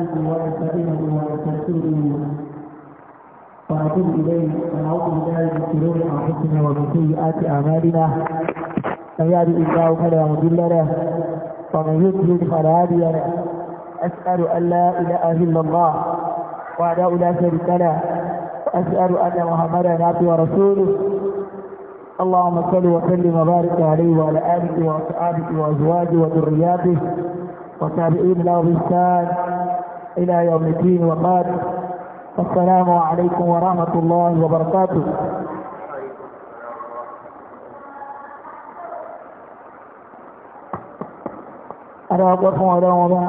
عباده ورسائله ورسائله ونتوب اليه ونعوذ بالله من شرور انفسنا ومن سيئات اعمالنا من يهد الله فلا مضل له ومن يضلل فلا هادي له اسال ان لا اله الا الله وحده لا شريك له واسال ان محمدا عبده ورسوله اللهم صل وسلم وبارك عليه وعلى اله واصحابه وازواجه وذرياته وتابعين له باحسان إلى يوم الدين وبعد السلام عليكم ورحمة الله وبركاته أنا أقف وأنا وما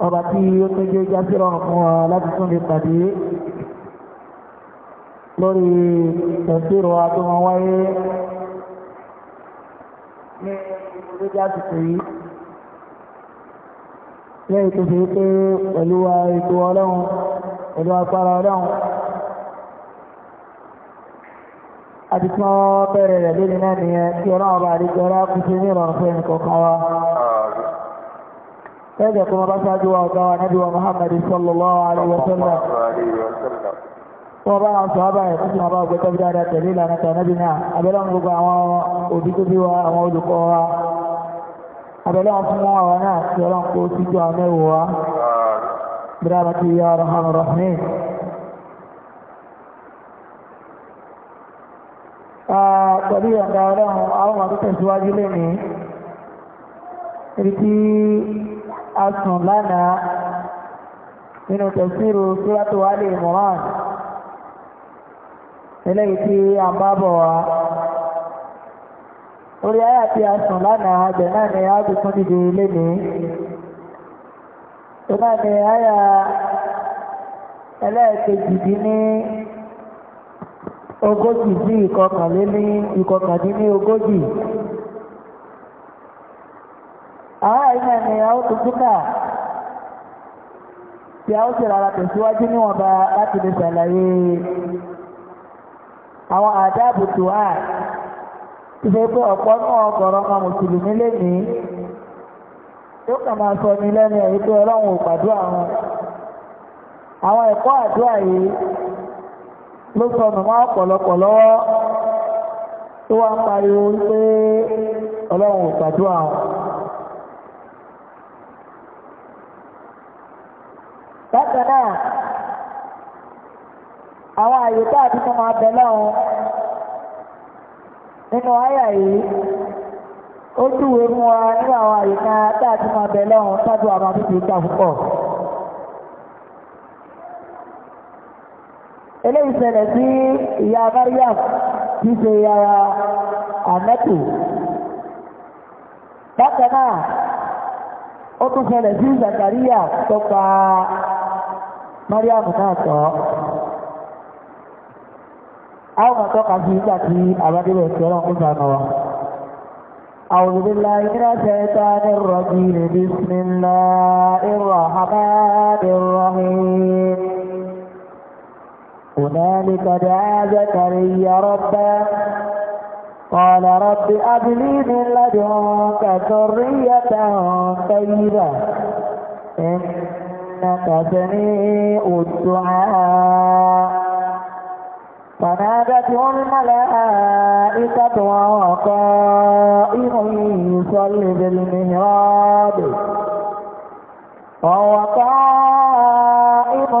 أبتي يتجي جاسرا ولا تكون للطبيعي lórí tẹ̀síro àtúnwọ̀n wáyé ní ìlú jásìkò yìí lẹ́yìn tó fi pé pẹ̀lú ètò ọlọ́run pẹ̀lú agbára ọlọ́run àti tí wọ́n bẹ̀rẹ̀ rẹ̀ lónìí náà nìyẹn tí ọlọ́run bá rí jọra kú sí ní ìrọ̀rùn fún ẹnì kọ̀ọ̀kan wa lẹ́jẹ̀ tó bá ṣáájú wa ọ̀gá wa nábì wa Muhammad sallallahu alaihi Wasallam. sallam wọ́n bá wọn sọ ábà ẹ̀ wa àwọn olùkọ́ abẹ́lẹ́ wọn fún àwọn náà tí ọlọ́run kó síjú àmẹ́wò wa bíráàmà tí yá rahman rahman pẹ̀lú ìyànda ọlọ́run àwọn ọmọ tó tẹ̀síwájú lẹ́ni ibi tí a sùn lánàá nínú tí a bá bọ̀ wá orí ayá tí a sùn lánàá àgbẹ̀ náà ni a bí fún dídí ilé ní tó náà ni ayá ẹlẹ́ẹ̀kejì dín ní ogójì sí ìkọkànlé ní ìkọkàndín ní ogójì àwọn àìmọ̀ ni a ó tuntun náà tí a ó sì rárá tẹ̀síwájú níwọ̀nba láti lè ṣàlàyé àwọn àdáàbò tó àà ìgbẹ́pẹ́ ọ̀pọ̀ náà ọgọ̀rọ̀ ọmọ mùsùlùmí lénìí tó kà máa sọ ní lẹ́nu ẹ̀rí pé ọlọ́run ò gbàdúrà wọn àwọn ẹ̀kọ́ àdúrà yìí ló sọ mọ̀mọ́ ọ̀pọ̀lọpọ̀ lọ́wọ́ tó wá ń pariwo pé ọlọ́run ò gbàdúrà bákan náà àwọn àyè tá a ti fún máa bẹ lọ́run. nínú àyà yìí ó túwèé mú wa nínú àwọn àyíká tá a ti máa bẹ̀ lọ́hùn tájú àwọn àbíkú ìta púpọ̀. eléyìí ṣẹlẹ̀ sí ìyá Maryam tí ṣe àmẹ́tò bákan náà Zakariya tó pa náà tọ́. àwọn àtọ́ka sí ìgbà tí àbádébẹ̀ tí ọlọ́run kó sànà wa أعوذ بالله من الشيطان الرجيم بسم الله الرحمن الرحيم هنالك دعا زكريا ربه قال رب هب لي من لدنك ذرية طيبة إنك سميع الدعاء فنادته الملائكة وهو قائم يصلي بالمهراب وهو قائم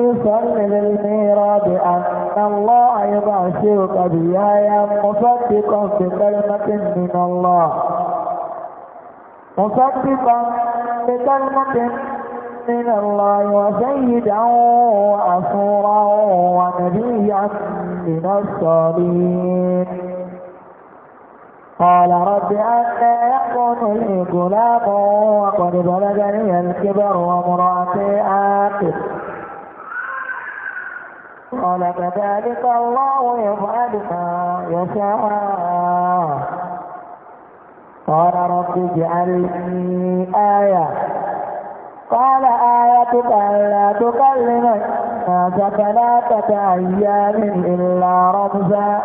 يصلي بالمهراب أن الله يبشرك بآية مصدقا بكلمة من الله مصدقا بكلمة من الله وسيدا وأصورا ونبيا من الصالحين قال رب أنا يكون لي غلام وقد بلغني الكبر وامرأتي آخر قال كذلك الله يفعل ما يشاء قال رب اجعل لي آية قال آيتك ألا تكلم الناس ثلاثة أيام إلا رمزا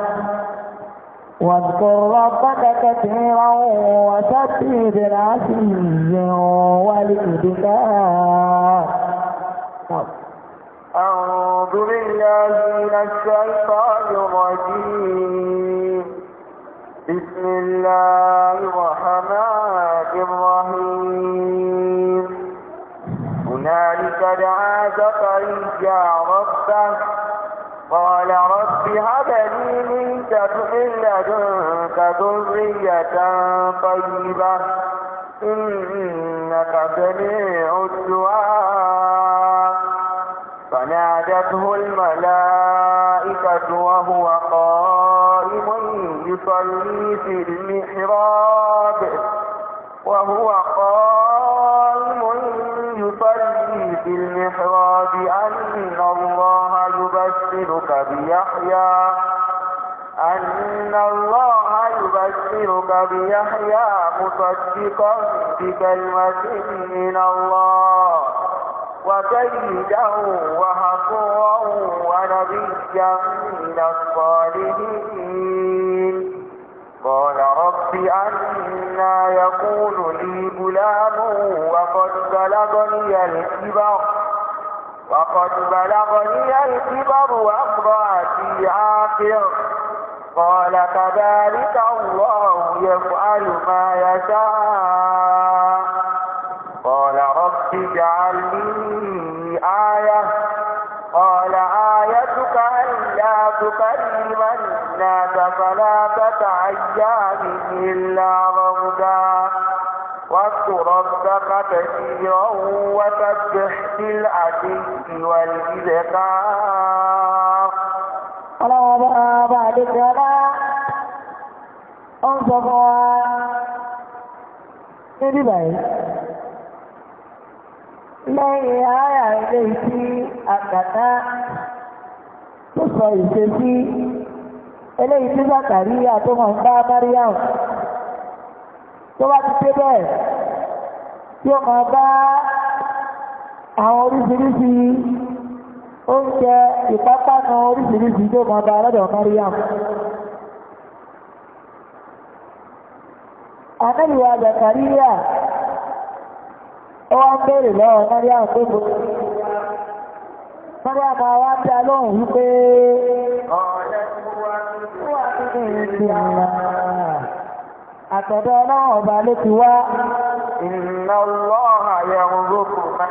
واذكر ربك كثيرا وسبح بالعشي والإبكار أعوذ بالله من الشيطان الرجيم بسم الله الرحمن الرحيم هنالك دعا زكريا ربه قال رب هب لي من من لدنك ذرية طيبة إنك سميع الدعاء فنادته الملائكة وهو قائم يصلي في المحراب وهو قائم المحراب أن الله يبشرك بيحيى أن الله يبشرك بيحيى مصدقا بكلمة من الله وكيدا وحصورا ونبيا من الصالحين قال رب أنا يقول لي غلام وقد بلغني الكبر وقد بلغني الكبر وامرأتي عاقر قال كذلك الله يفعل ما يشاء قال رب اجعل لي آية قال آيتك ألا تكلم الناس ثلاثة أيام إلا رمزا واذكر ربك كثيرا وسبح بالعشي والإذكار ọlọ́wọ́ bá bá àdékẹ́ ọlá ó ń sọ fún wa ní bíbáyìí lẹ́yìn ara ilé tí àkàtà tó sọ ìṣesí eléyìí tí Zakariya tó ń bá Mariam tó bá ti dé bẹ́ẹ̀ tí ó máa bá àwọn oríṣiríṣi oúnjẹ ìpápánu orísìírísìí tó máa bá lọ́dọ̀ Mariam. Àmẹ́lìwà Zakaria ó wá ń bèèrè lọ́wọ́ Mariam tó bó. àwọn àti alóhùn wípé tó wá àtọ̀dọ̀ ọlọ́run ọba ló ti wá. Inna Allaha yarzuqu man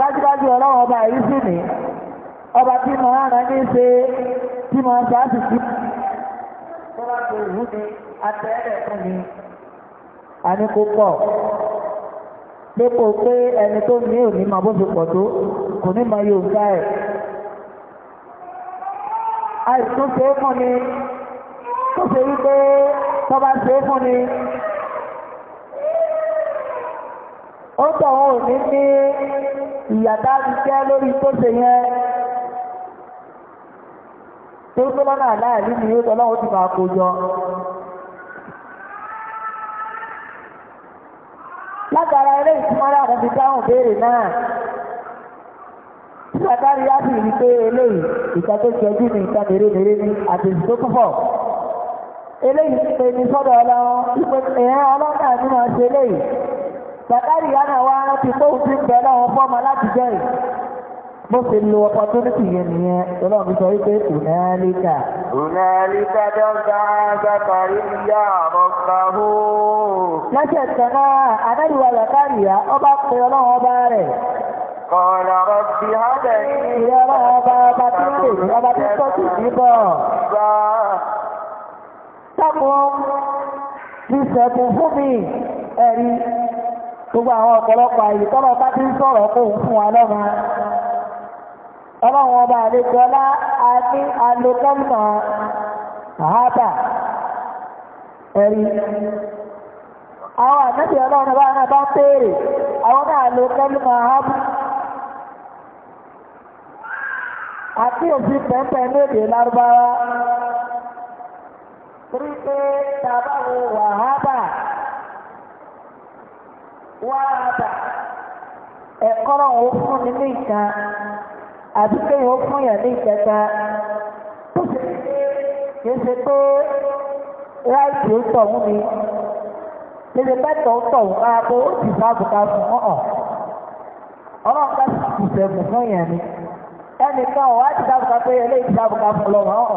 dájúdájú ọlọ́run ọba yìí sì ní ọba tí mọ̀ rán ní ṣe tí mọ̀ sọ àṣìṣe tó ní atẹ́lẹ̀ pé ẹni tó ní òní máa bó ṣe pọ̀ tó kò ní máa yóò gbá ẹ̀ àìsùn tó fún ni. tó ṣe wípé tó bá ṣe fún ni ó tọ̀ wọn ò ní ní ìyàtá ti jẹ́ lórí tó ṣe yẹn tó tó lọ́nà aláìlú ni yóò tọ́lọ́wọ́ ti máa kó jọ. látara eré ìtumọ́lá àwọn ti dáhùn béèrè náà tí àtàrí á sì rí pé eléyìí ìta tó jọjú ní ìta mèremère ní àtẹ̀sí tó púpọ̀ eléyìí ẹni sọ́dọ̀ ọlọ́wọ́ ìyẹn ọlọ́dà ní máa ṣe lo opportunity yẹn nìyẹn ọlọ́run sọ wípé kùnálíkà. kùnálíkà dọ́gba zakari ìyá àrọ́kàwó. lọ́sẹ̀ kan náà adáríwá zakari yá ọba pe ọlọ́run ọba rẹ̀. Kọ̀ọ̀lá sápọ̀ ti sẹ̀kùn fún mi ẹ̀rí gbogbo àwọn ọ̀pọ̀lọpọ̀ àyè tọ́lọ̀ bá ti ń sọ̀rọ̀ kó fún wa ọlọ́run ọba àlejò a ní alokẹ́mọ̀ àhábà ẹ̀rí àwọn àmẹ́bí ọlọ́run ọba náà bá pèèrè àwọn náà alokẹ́mọ̀ àhábà àti torí pé tàbá wo wàhábà fún mi ní ìka àbí kéèyàn ó fún ní ìkẹta tó sì kì í ṣe pé láìsí ó tọ̀ wú mi ó tọ̀ máa bó ó fún ọlọ́run fún ti fún lọ́wọ́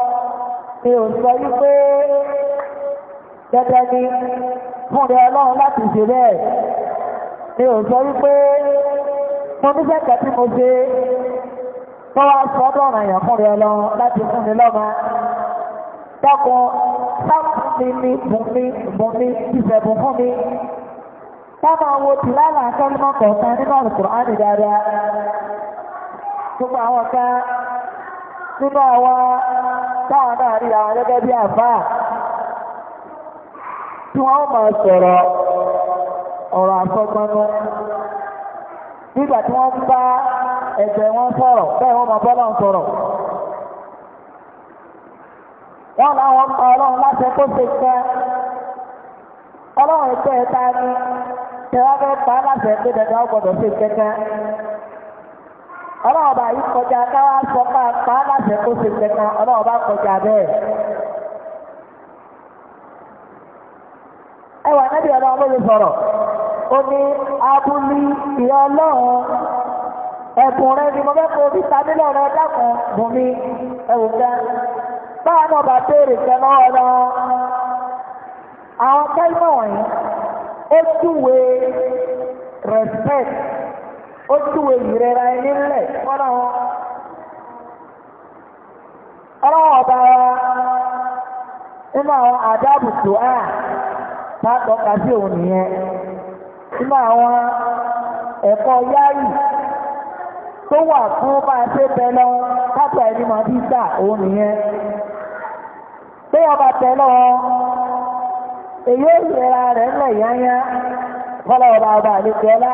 mi ò sọ wípé dẹ́dẹ́ ni fún ọlọ́run láti ṣe bẹ́ẹ̀ mi ò sọ wípé mo ní sẹ́kẹ̀ẹ́ tí mo ṣe tó wá sọ dọ̀ràn èèyàn fún ọlọ́run láti fún mi lọ́mọ dákun sáàpù mi ní bùnmi bùnmi ìfẹ̀bùn fún mi sáàmù àwọn tìlálà akẹ́lẹ́mọ̀ kọ̀ọ̀kan nínú Al-Qur'ani dáadáa gbogbo àwọn kan nínú àwọn táwọn náà àwọn gẹ́gẹ́ bí àfáà tí wọ́n máa sọ̀rọ̀ ọ̀rọ̀ àfọgbọ́nú nígbà tí wọ́n bá ẹ̀jẹ̀ wọn sọ̀rọ̀ bẹ́ẹ̀ wọ́n máa bọ́lọ̀ sọ̀rọ̀ wọ́n láwọn pa ọlọ́run láti kó ṣe kẹ́ ọlọ́run ẹ̀kọ́ ẹ̀ta ni tẹ́wọ́ fẹ́ pa láti ọlọ́wọ́ bá yí kọjá káwá sọ pa láṣẹ kó ṣe kẹta ọlọ́wọ́ bá kọjá bẹ́ẹ̀. ẹwà nẹ́bí ọlọ́wọ́ ló lè sọ̀rọ̀ ó ní abúlé ìyá ọlọ́run ẹ̀bùn rẹ ni mo fẹ́ kó bí tábílẹ̀ rẹ dákun bùn mi ẹ̀wù kan báwa náà bá béèrè kẹ lọ́wọ́ lọ àwọn kẹ́lí mọ̀ wọ̀nyí ó túwèé respect. ó túwèé ìrẹ́ra ẹni ńlẹ̀ fọ́nà ọlọ́wọ́ ọba wa nínú àwọn àdábùtò à bá tọ́ka àwọn tó wà fún bá a ṣe ẹni máa bí gbà òun nìyẹn tó bá èyí ò rẹ̀ ńlẹ̀ yányá ọba ọba àlejò ọlá.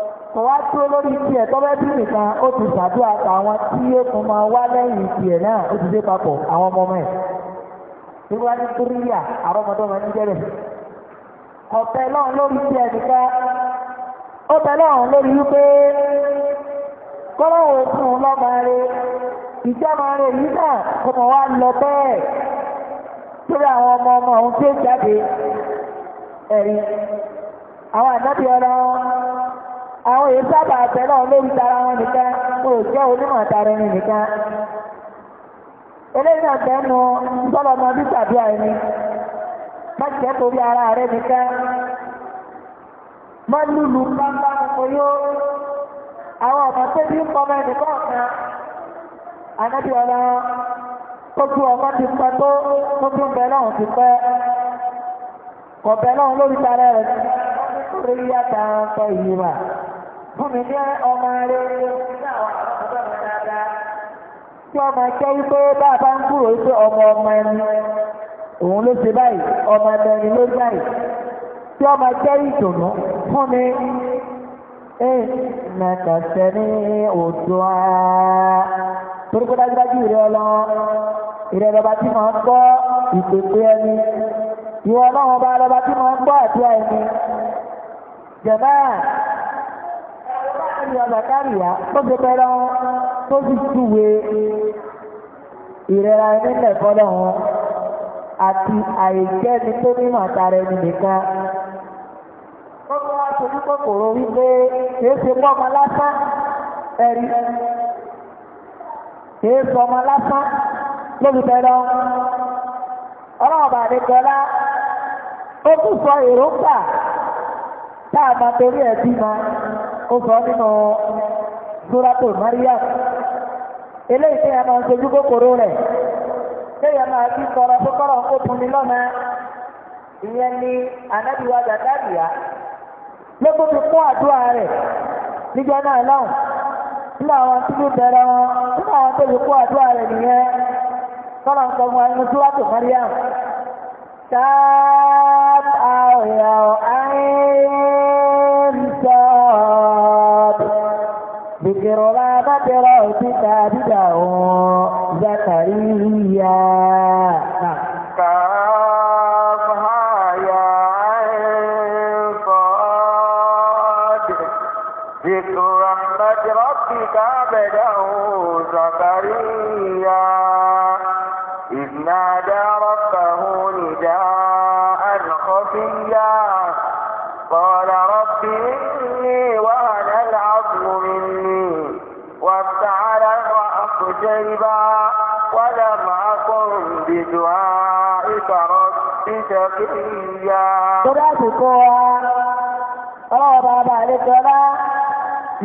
kọwa tí dúró lórí tiẹ̀ tọ́bẹ́ tí nìkan ó ti ṣàdúrà àwọn tí ó tún máa wá lẹ́yìn tiẹ̀ náà ó ti dé papọ̀ àwọn ọmọ ọmọ ẹ̀. Ìwé ní jẹ́rẹ̀. Ọ̀tẹ̀ náà lórí nìkan ó tẹ̀ náà lórí wípé kọ́lọ́wọ́ fún un yìí bẹ́ẹ̀ àwọn ọmọ ọmọ òun tí ó jáde ẹ̀rí àwọn àwọn èyí sábà àtẹ̀lọ́ lórí tara wọn nìkan wọn jẹ́ onímọ̀ tara ẹni nìkan eléyìí náà tẹnu sọlọmọ bí tàbíà má jẹ́ torí ara rẹ nìkan má lùlù pátá kò àwọn ọmọ tó bí ń kọmọ ẹnìkan kan ànábì ọmọ ti tó náà ti náà lórí tara fún mi ní ọmọ rẹ̀ ní àwọn àkọ́kọ́ mi dáadáa. Tí ọmọ jẹ́ wípé bá a bá ń kúrò wípé ọmọ ọmọ ẹni, òun ló ṣe báyìí, ọmọ ẹni ló báyìí. Tí ọmọ jẹ́ ìdùnnú fún mi. Ìnàkà sẹ́ni òjò á. Torí pé dájúdájú ìrẹ́ ọlọ́run, ìrẹ́ lọba tí máa ń gbọ́ ìpèpè ẹni. Ìwọ ọlọ́run ọba lọba tí máa ń gbọ́ àdúrà ẹni. Jẹ̀máà alábìyà zakariya tó ti pẹ́rẹ́ wọn tó ti túwe ìrẹ́ra nílẹ̀ fọ́lọ́ wọn àti àìjẹ́ni tó ní màtàrà ẹni nìkan. Kọ́kọ́ wá ṣojú kòkòrò wípé kìí ṣe pọ́mọ lásán ẹ̀rí. Kìí sọmọ lásán lóbi pẹ́rẹ́ wọn. Ọlọ́ọ̀bà àdékọ́lá ó tún sọ èròǹgbà tá a máa torí ẹ̀ bímọ ó sọ nínú Maria, Maryam eléyìí tẹ́yà máa ń sojú kòkòrò rẹ̀ tẹ́yà máa ti sọ̀rọ̀ kọ́rọ̀ ó tún mi lọ́nà ìyẹn ni ànábìwá Zakariya lókò fi kún àdúrà rẹ̀ níjọ́ náà lọ́hùn nínú àwọn tí ó bẹ̀rẹ̀ wọn nínú àwọn tó fi kún àdúrà rẹ̀ nìyẹn sọ́nà ń sọ fún ẹnu súrátò Maryam. Táàbà ọ̀yà ذكر ربك عبده زكريا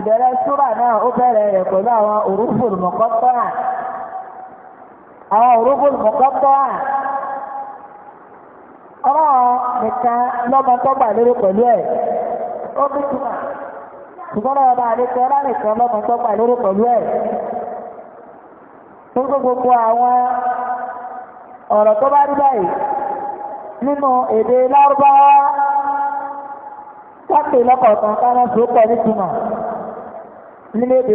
ìbẹ̀rẹ̀ súrà náà ó bẹ̀rẹ̀ rẹ̀ pẹ̀lú àwọn òrùfùl mọ̀kọ́tọ́ à àwọn òrùfùl mọ̀kọ́tọ́ à ọlọ́run nìkan lọ́mọ tó gbà lérò pẹ̀lú ẹ̀ ó bí túmọ̀ ṣùgbọ́n lọ́wọ́ bá àlékọ́ ọlọ́nìkan lọ́mọ tó gbà lérò pẹ̀lú ẹ̀ tó gbogbo àwọn ọ̀rọ̀ tó bá rí báyìí nínú èdè lárúbáwá wọ́n pè lọ́kọ̀ọ̀kan ká N'ile ebe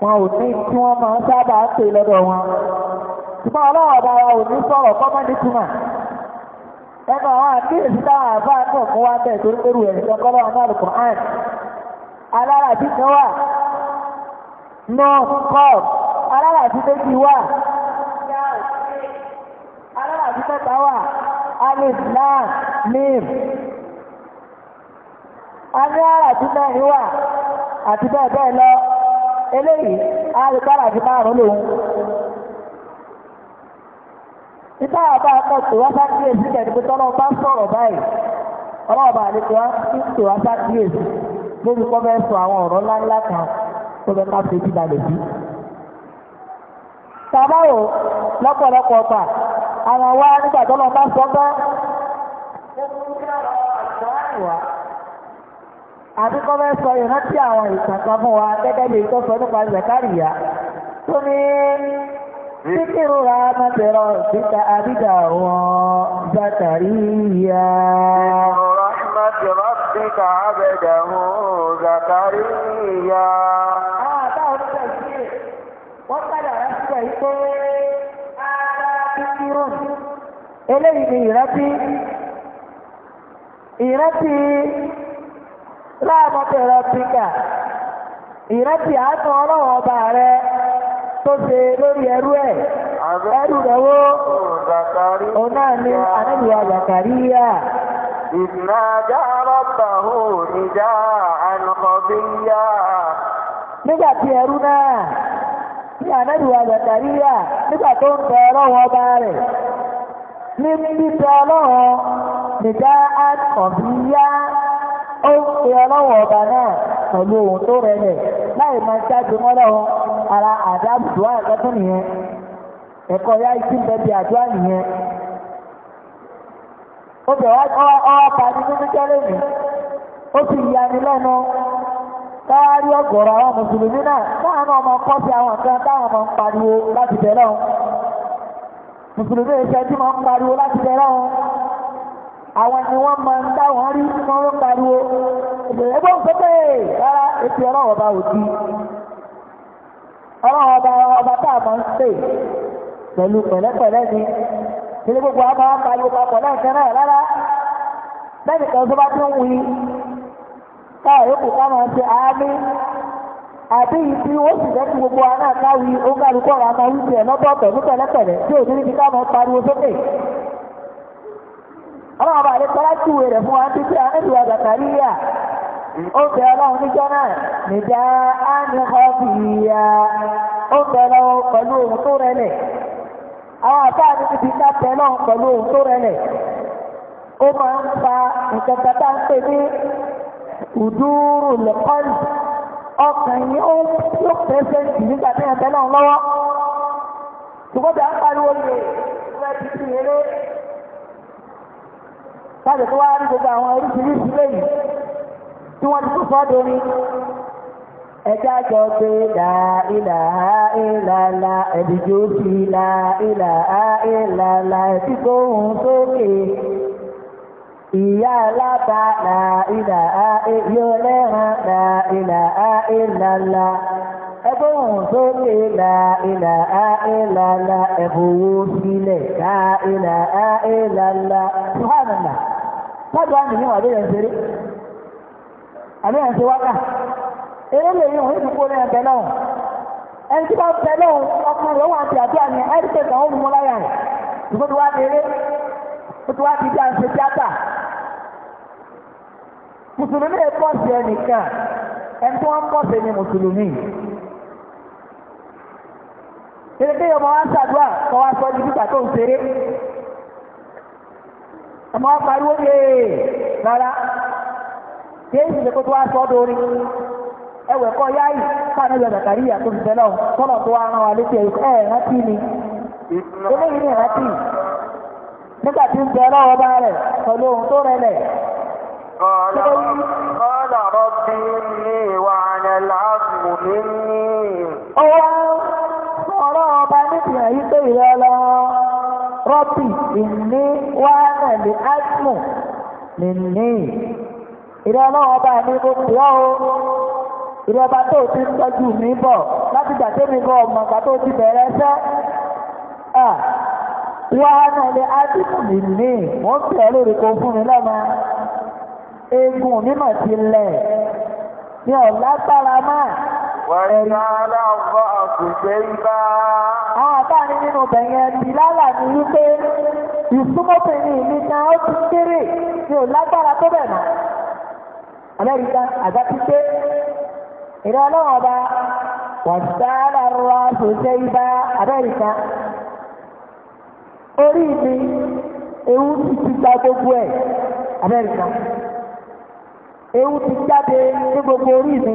wọn ò ní tí wọ́n máa ń sábà ń pè lọ́dọ̀ wọn ṣùgbọ́n ọlọ́wọ́ ọba wa ò ní sọ̀rọ̀ kọ́mọ́dé túmọ̀ ẹnu àwọn àkíyèsí táwọn àbáà náà mú wá torí pé ìjọ àn kan wà méjì wà wà alif mím àti bẹ́ẹ̀ bẹ́ẹ̀ lọ eléyìí àríkàrà àti márùn lòun nígbà àbá àpọ̀tò wá sákìyèsí kẹ̀kẹ́ tọ́lọ́ bá sọ̀rọ̀ báyìí ọlọ́ọ̀bà àlejò wá sí tò wá lórí sọ àwọn ọ̀rọ̀ ńláńlá kan tó fẹ́ ká balẹ̀ sí. lọ́pọ̀lọpọ̀ àwọn wa nígbà tọ́lọ́ bá sọ bá. àbí kọ́ fẹ́ sọ ìrántí àwọn ìtàkà fún wa gẹ́gẹ́ bí tó sọ nípa Zakariya tó ní síkìrù ra mẹ́tẹ̀rọ síta àbíjà wọn Zakariya. Rahmatu Rabbika abdahu Zakariya. Àbáwọn ọ̀sẹ̀ yìí wọ́n padà rẹ̀ síbẹ̀ yìí pé ara kíkírù. Eléyìí ni ìrántí ìrántí láàmọ́tẹ̀ rẹ píkà ìrántí àánú ọlọ́wọ́ ọba rẹ tó ṣe lórí ẹrú ẹ̀ ẹrú rẹ̀ wó òun náà ni anábìwá Zakariya. ìnájà rọ́bàhù níjà ànàkọ̀bíyà. nígbà tí ẹrú náà ní anábìwá Zakariya nígbà tó ń tẹ ọlọ́wọ́ ọba rẹ̀ ní bíbí tẹ ọlọ́wọ́ níjà ànàkọ̀bíyà. ó ń pe ọlọ́wọ̀ ọba náà pẹ̀lú ohun tó rẹlẹ̀ láì máa jáde mọ́lọ́wọ́ ara àdáàbùdùá ẹ̀kọ́ nìyẹn ẹ̀kọ́ ya bẹ̀bí àdúrà nìyẹn. ó bẹ̀ wá nínú ó ya àwọn mùsùlùmí náà káwọn ọmọ àwọn kan táwọn ọmọ ń pariwo àwọn ni wọ́n ń dá wọn rí wọn wọ́n pariwo ẹgbẹ́ òṣèlè rárá ètò ọlọ́wọ́ bá ò ọlọ́wọ́ bá ọba tá a máa ń pè pẹ̀lú pẹ̀lẹ́pẹ̀lẹ́ ni ilé gbogbo àwọn máa ń pariwo papọ̀ lẹ́ẹ̀kan náà rárá kan tó bá ń wí káà yókù ká máa ṣe àbí ó sì kí gbogbo káwí ó kálukọ́ ra máa lọ́tọ̀ọ̀tọ̀ ní pẹ̀lẹ́pẹ̀lẹ́ ọlọ́run bá lè tọ́lá tí ìwé rẹ̀ fún wa títí àmẹ́bí wa Zakariya ó fẹ́ ọlọ́run níjọ́ náà nìjà ánìkọ́bìyà ó fẹ́ lọ́wọ́ pẹ̀lú ohun tó rẹlẹ̀ àwọn àbáà ní ti ká fẹ́ lọ́wọ́ pẹ̀lú ohun tó rẹlẹ̀ ó máa ń fa nǹkan kan tá ń pè ní ùdúrù lẹ́kọ́lì ọkàn yìí ó yóò pèsè nígbà tí ẹ̀fẹ́ náà lọ́wọ́ ṣùgbọ́n bí a ń pariwo lè fẹ́ ti ti eré káàdì tó wá rí gbogbo àwọn oríṣiríṣi lẹ́yìn tí wọ́n ti kú sọ́dọ̀ ni ẹjá jọ pé láìláà ìlàlà ẹ̀dìjọ́ sí láìláà ìlàlà ẹ̀dí gbóhùn sókè ìyá aláta láìláà yóò lẹ́ràn láìláà ìlàlà ẹgbẹ́ òun tó lè la ìlà á ìlà la ẹ̀bùwó sílẹ̀ ká ìlà á ìlà la ṣùgbọ́n sábà wà nìyẹn wà lóyún ṣeré àbí ẹ̀ ń ṣe wákà eré lè yí òun ní gbogbo náà bẹ̀ náà ẹni tí wọ́n bẹ̀ náà ọkùnrin rẹ̀ wà ti àdúrà ní ẹ̀ríkẹ̀ kan ó mú mọ́ láyà rẹ̀ ṣùgbọ́n tó wá di eré ó ti wá di bí a ń ṣe tíátà mùsùlùmí ẹ̀ pọ̀ sí ẹnìkan ẹni tí wọ́n pọ̀ sí ni mùsùlùmí ṣe pé ọmọ wa ń ṣàdúrà kọ́ wa sọ ju nígbà tó ń ṣeré ọmọ wa pariwo ee rárá kéèsì ṣe kó tó wá sọ dórí ẹwẹ̀ kọ́ yá yìí sáà nílò zakari yà tó ń tẹ́lọ̀ tọ́lọ̀ tó wá rán wa létí ẹ̀ ẹ̀ rántí ni eléyìí ni rántí nígbà tí ń tẹ́lọ̀ ọba rẹ̀ pẹ̀lú ohun tó rẹlẹ̀. Kọ́lá rọ́bì ní ìwà ànàlá mùmí ní ọlọ́run ọba níbi àyí pé ìrẹ́ lọ rọ́bì ìní wàhánà lè ásmù nìní ìrẹ́ ọlọ́run ọba ní gbogbo ọ́ o ìrẹ́ ọba tó ti ń tọ́jú mi bọ̀ láti gbà tẹ́mi gan ọmọ ọ̀gá tó ti bẹ̀rẹ̀ ẹsẹ́ wàhánà lè ásmù nìní mò ń tẹ̀ lórí kò fún mi lọ́mọ eegun mímọ̀ ti lẹ̀ ní ọ̀lágbára máa. Wàyẹ̀dá aláàbọ̀ àkùnṣe ibá. Àwọn àbáni nínú bẹ̀yẹn ti lálà ní wípé ìsúmọ́bìnrin mi náà ó ti kéré ní ò lágbára tó bẹ̀ mọ́. Amẹ́ríkà àgbà ti pé ìrẹ́ ọlọ́run ọba wàtàlá rọ àkùnṣe ibá Amẹ́ríkà. Orí mi, ewu ti ti gba gbogbo ẹ̀ Amẹ́ríkà. Ewu ti jáde ní gbogbo orí mi.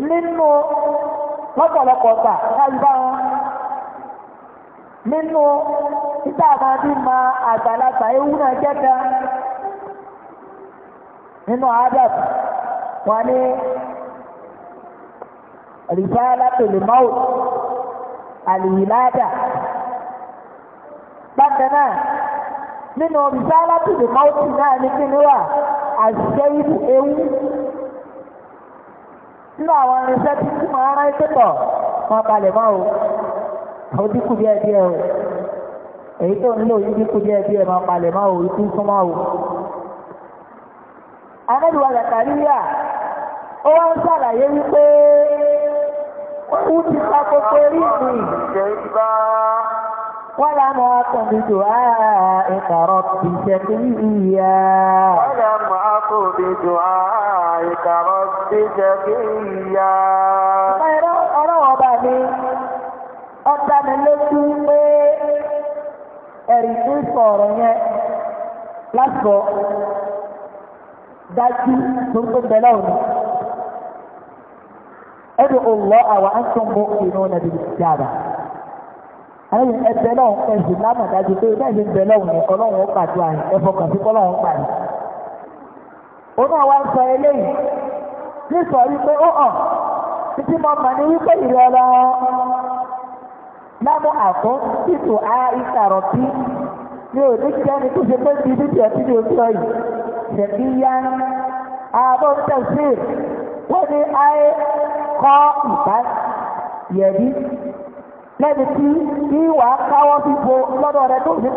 nínú lọ́pọ̀lọpọ̀ ọ̀gbà láti bá wọn nínú títà máa bí ma àgbàlagbà ewu náà jẹ́ kan nínú adab wọn ní rìsáàlà tòlùmọ́ọ̀ àlìyíláàdà bákan náà nínú rìsáàlà tòlùmọ́ọ̀ náà ní kíni wà ìlú ewu nínú àwọn irinṣẹ́ tí tí máa rán ẹgbẹ́ tọ̀ wọn balẹ̀ mọ́ o ó dínkù díẹ̀ díẹ̀ o èyí tó nílò yìí dínkù díẹ̀ díẹ̀ máa balẹ̀ mọ́ o ikú súnmọ́ o. anábìwá zakariya ó wá ń ṣàlàyé wípé ó ti ta koko orí ìsìn. ولما أكن بدعائك ربي شقيا ولم أكن بدعائك ربي شقيا ọlọ́wọ́ bá mi ọ̀tá mi létí pé ẹ̀rí tí sọ̀rọ̀ yẹn lásọ̀ dájú tó ń tó bẹ̀rẹ̀ òní ẹ̀dùn òwúrọ̀ àwọn àǹtọ̀ mọ́ ìnáwó nàbí ìjábà àwọn ẹsẹ̀ náà ẹsẹ̀ lánàá dájú pé bẹ́ẹ̀ ni bẹ̀rẹ̀ ọ̀hún ọlọ́run pàdé àyè ẹfọkàn sí kọ́lọ́run pàdé. ó náà wá ń sọ eléyìí ní sọ wípé ó hàn títí mo mọ̀ ní wípé ìrẹ̀ lọ lámú àtún títù á ìsàrọ̀ tí mi ò ní kí ẹni tó ṣe pé ti ní tiẹ̀ tí mi ò sọ yìí ṣẹ̀kí yá àbọ̀ tẹ̀sí wọ́n ní ayé kọ́ ìbá yẹ̀dí lẹ́bi tí kí wà á káwọ́ sí bo lọ́dọ̀ rẹ tó yẹ.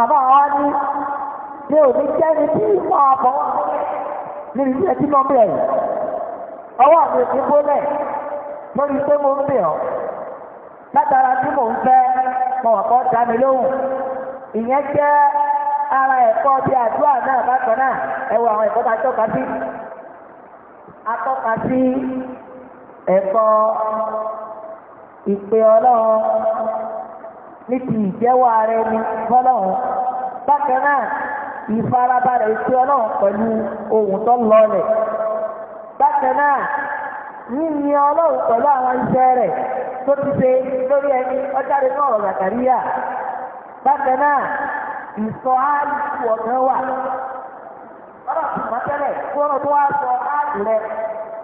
àbá wa ní ṣé òní jẹ́ni tí ìfọ̀ àbọ̀ níbi tí ẹ ti máa bẹ̀rẹ̀ ọwọ́ àmì òní bólẹ̀ lórí pé mo ń bẹ̀ ọ́ látara tí mò ń fẹ́ mọ̀wọ́kọ́ dá mi lóhùn ìyẹn jẹ́ ara ẹ̀kọ́ bíi àdúrà náà bákan náà ẹ̀wọ̀ àwọn ẹ̀kọ́ bá tọ́ka sí atọ́ka sí ẹ̀kọ́ ìpè ọlọ́run ní ti ìjẹ́wọ́ ara ẹni fọ́lọ́run bákanáà náà ìfarabalẹ̀ ìpè ọlọ́run pẹ̀lú ohun tó lọlẹ̀ bákan náà yíyan ọlọ́run pẹ̀lú àwọn iṣẹ́ rẹ̀ tó ti ṣe lórí ẹni ọjáde náà ọ̀rọ̀ Zakaria bákan ìsọ áàlù ọ̀gá wà ọ̀rọ̀ tó wá sọ áàlù rẹ̀.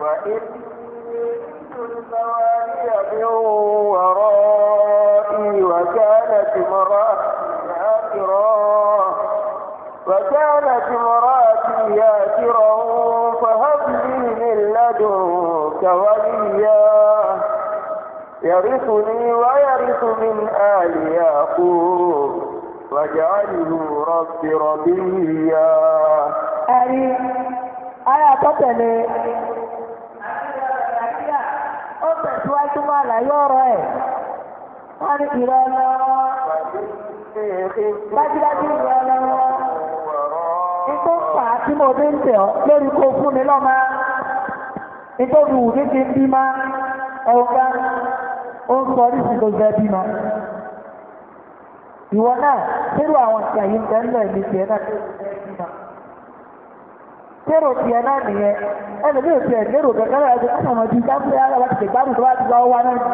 وإني الموالي من ورائي وكانت امرأتي هاجرا وكانت امرأتي هاجرا فهب لي من لدنك وليا يرثني ويرث من آل يعقوب واجعله رب ربيا أي آية تتلي síwájú máa làyé ọ̀rọ̀ ẹ̀ wọ́n ní ìrọ̀ lọ́wọ́ dájúdájú ìrọ̀ lọ́wọ́ nígbó fà á tí mo bí ń tẹ̀ ọ́ lórí kó fún mi lọ́mọ nítorí wù ní ti ń bí má ọ̀gá ó ń sọ ní ìsìnkú jẹ́ bímọ ìwọ náà nírú àwọn ìṣẹ̀yìn tẹ́lẹ̀ ní tiẹ̀ tó ń jẹ́ bímọ. lérò tiẹ̀ náà nìyẹn ẹnì mi ò tiẹ̀ lérò kẹ̀kẹ́ rẹ̀ ẹ̀jẹ̀ kọ́sàmọ́ ti dá fún yàrá láti lè gbádùn tó ti lọ wá náà nìyẹn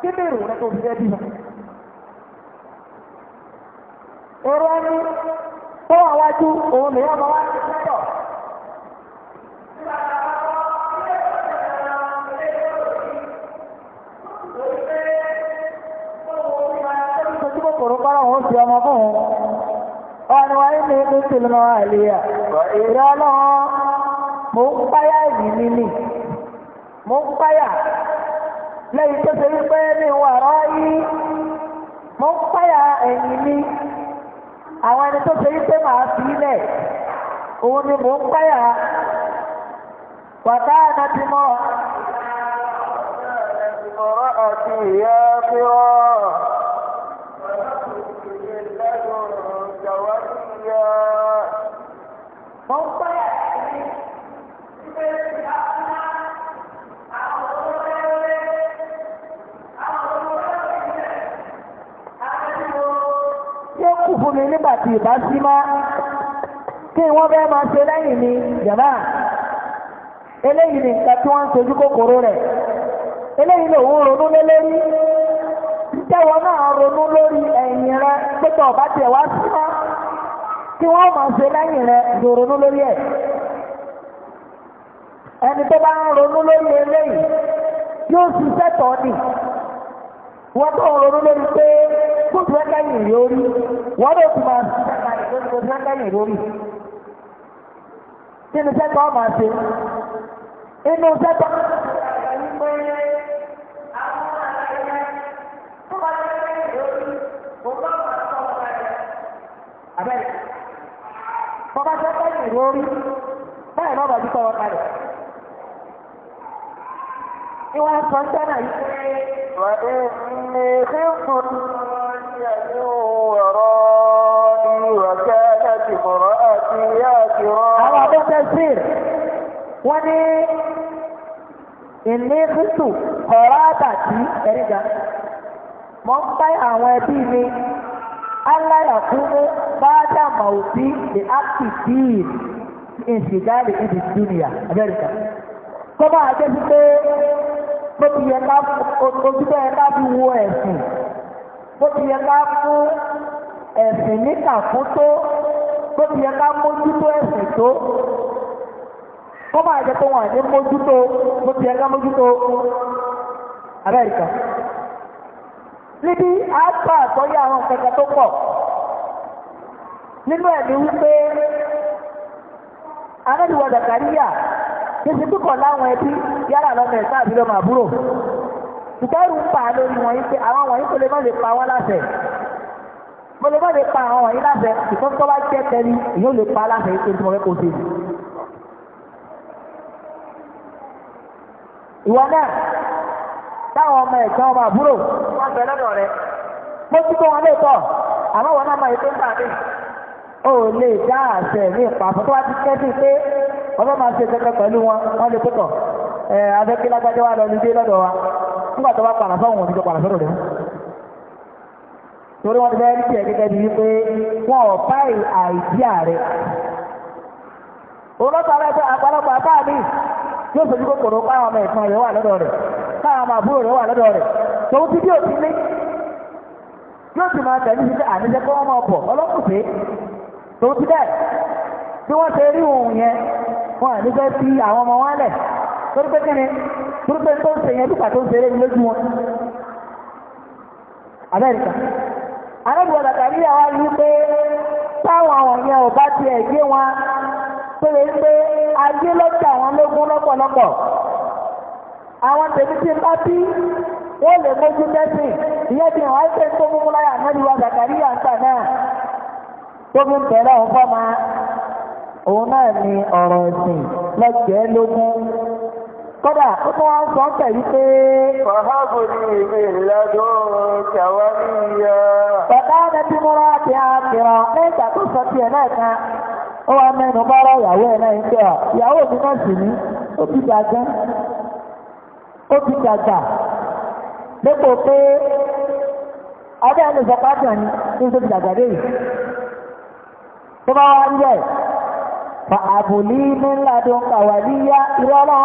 kí lérò rẹ̀ tó fi fẹ́ bí wọn. èrò ẹni tó wà wájú òun lè yọ̀mọ̀ wá sí sẹ́yọ̀. Kòrò kọ́ra wọn ó fi ọmọ fún òun. ọ̀nà wáyé ní ibi tìlùmọ̀ àlèyà ìrọ̀ ọlọ́run mò ń páyà yìí nínú mò ń páyà lẹ́yìn tó ṣe wípé ní wàrọ̀ yìí mò ń páyà ẹ̀yìn ní mi nígbà tí ìbá sí mọ́ kí wọ́n fẹ́ máa ṣe lẹ́yìn mi jẹ̀má eléyìí ni nǹkan tí wọ́n ń sojú kòkòrò rẹ̀ eléyìí ló òun ronú lé lórí náà ronú lórí ẹ̀yìn rẹ pẹ́tọ̀ ọ̀bá tiẹ̀ wá sí kí wọ́n rẹ ló ronú lórí ẹ̀ ẹni tó bá ń ronú lórí eléyìí yóò ni wọ́n tó ń ronú bó ti fẹ́ kẹ́yìn rí orí wọ́n ló ti máa sẹ́ka ìgbó ti fẹ́ kẹ́yìn rí orí. Kí ni sẹ́ka ọ̀ máa ṣe? Inú sẹ́ka ọ̀ máa ṣe. Abẹ́rẹ́, bọ́bá fẹ́ kẹ́yìn rí orí, báyìí lọ́bàá ti tọwọ́ kalẹ̀ ìwà sọ̀tẹ́nà yìí. Wà á ní ìfẹ́ fún mi. Àwọn abọ́sẹ̀ sír, wọ́n ní ìní kìtù kọ̀rọ̀ àbàtì ẹ̀ríga. Mọ́ ń bá àwọn ẹbí mi, aláyàkúnú bá dàmà òbí the active deed in Shigali in the Junior America. Kọ́mọ́ àjẹ́ sí pé, ó ti yẹ ká fi wo ẹ̀sìn bó ti yẹ ká fún ẹ̀sìn níta fún tó bó ti yẹ ká mójútó ẹ̀sìn tó kó máa jẹ pé wọn àdé mójútó bó ti yẹ ká mójútó Amẹ́ríkà níbi àgbà àtọ́yé àwọn kẹ̀kẹ́ tó pọ̀ nínú ẹ̀mí wípé anábìwọ̀ Zakariya kí n ti dúkọ̀ láwọn ẹbí yálà lọ́mọ ẹ̀ka àbílọ́mọ àbúrò ìdẹ́rù ń pa lórí wọ̀nyí pé àwọn wọ̀nyí kò lè má lè pa wọ́n láṣẹ mo lè má lè pa àwọn wọ̀nyí láṣẹ ìfọ́n tó bá jẹ́ tẹ́lí ìyóò lè pa láṣẹ yìí pé tí mo fẹ́ kó ṣe. ìwọ náà táwọn ọmọ ẹ̀gbọ́n ọmọ àbúrò wọ́n bẹ lọ́dọ̀ rẹ̀ mo ti kó wọn lè tọ̀ àmọ́ wọn náà mọ ètò ńgbà mi ò lè dá àṣẹ ní ìpàfọ́ tó wá ti kẹ́sì pé ọlọ́mọ àti ìṣẹ́kẹ́ pẹ̀lú wọn wọ́n lè pẹ́tọ̀ ẹ̀ nígbà tó bá pàànà fáwọn òní jọ pàànà sọ́dọ̀ rẹ̀ torí wọ́n ti fẹ́ tiẹ̀ gẹ́gẹ́ bí wípé wọn ò báyìí àìdíà rẹ̀ olóòtú àwọn ẹgbẹ́ àpọ̀lọpọ̀ apá mi yóò sojú kòkòrò káwọn ọmọ ìfọn rẹ̀ wà lọ́dọ̀ rẹ̀ káwọn ọmọ àbúrò rẹ̀ wà lọ́dọ̀ rẹ̀ tòun ti bí òsì ní yóò sì máa tẹ̀lé ṣiṣẹ́ àníṣe kó wọ́n máa bọ̀ tòun ti bẹ́ẹ̀ bí wọ́n ṣe rí òun yẹn wọn àníṣe fi àwọn ọmọ wọn lẹ̀ torí pé kíni torí pé tó ń ṣe yẹn dúkà tó ń ṣe eré lójú wọn amẹ́ríkà arábìnrin ọ̀dàkà ní àwa yìí pé táwọn ti bá bí wọ́n lè mójú tẹ́sìn ìyẹn ti hàn áìpẹ́ tó mú múláyà mẹ́rin wa Zakaria ń tà náà kọ́dà ó tún wá ń sọ pẹ̀ wípé. fàhábù ní ìwé ìlàdó kàwáníyà. bàbá rẹ̀ ti múra ti àkìrà lẹ́yìn tó sọ tiẹ̀ náà kan ó wá mẹ́nu bọ́rọ̀ ìyàwó ẹ̀ náà ń tẹ̀ ọ́ ìyàwó mi náà sì ní ti dàgbà ó ti dàgbà dépò pé ọdẹ ẹni ìfọ̀pájọ ni ní tó ti yìí tó bá wá ń yẹ fa àbòlí ní ńlá tó ń kàwá níyá ìrọ́lọ́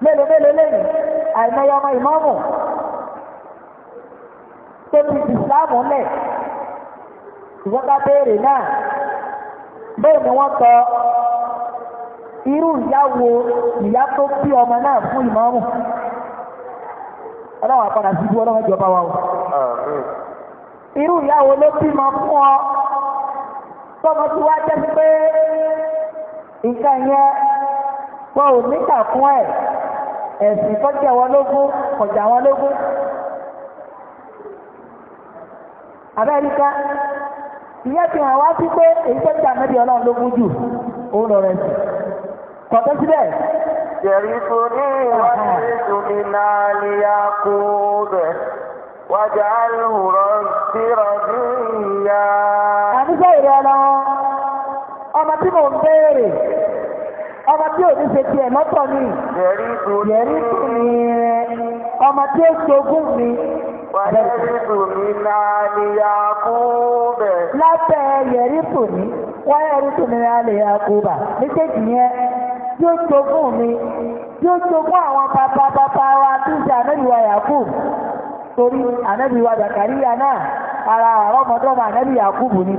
mélòó mélòó lẹ́yìn àìmọye ọmọ ìmọ́mù tó ti ìsìláàmù lẹ̀ ìwọ́n bá béèrè náà bẹ́ẹ̀ ni wọ́n tọ irú wo ìyá tó ọmọ náà fún ìmọ́mù ọlọ́wọ́ àpàdà sí ìjọba wa wo fún ọ tọ́mọ tí wá jẹ́ pé nǹkan yẹn ẹ̀sìn kọjá wọn lógún kọjá wọn lógún Amẹ́ríkà ìyẹn fi hàn wá sí pé èyí tó jà mẹ́bí ọlọ́run lógún jù ó lọ rẹ̀ sí kọ̀tọ́ síbẹ̀. jẹ̀rìkú ní ní náà ní bẹ̀ wájà sí rọ̀bí ìyá. ọmọ tí ò ní ṣe tiẹ̀ lọ́tọ̀ ni yẹ̀rí tù mí ọmọ tí ó ṣogún mi. wà tù mí náà ni yà kú bẹ̀. Lábẹ́ yẹ̀rí kú tí mi, tí ó ṣogún àwọn papa wa tí ń ṣe ànábìwá Yakub. Torí ànábìwá náà, ara àwọn ọmọdé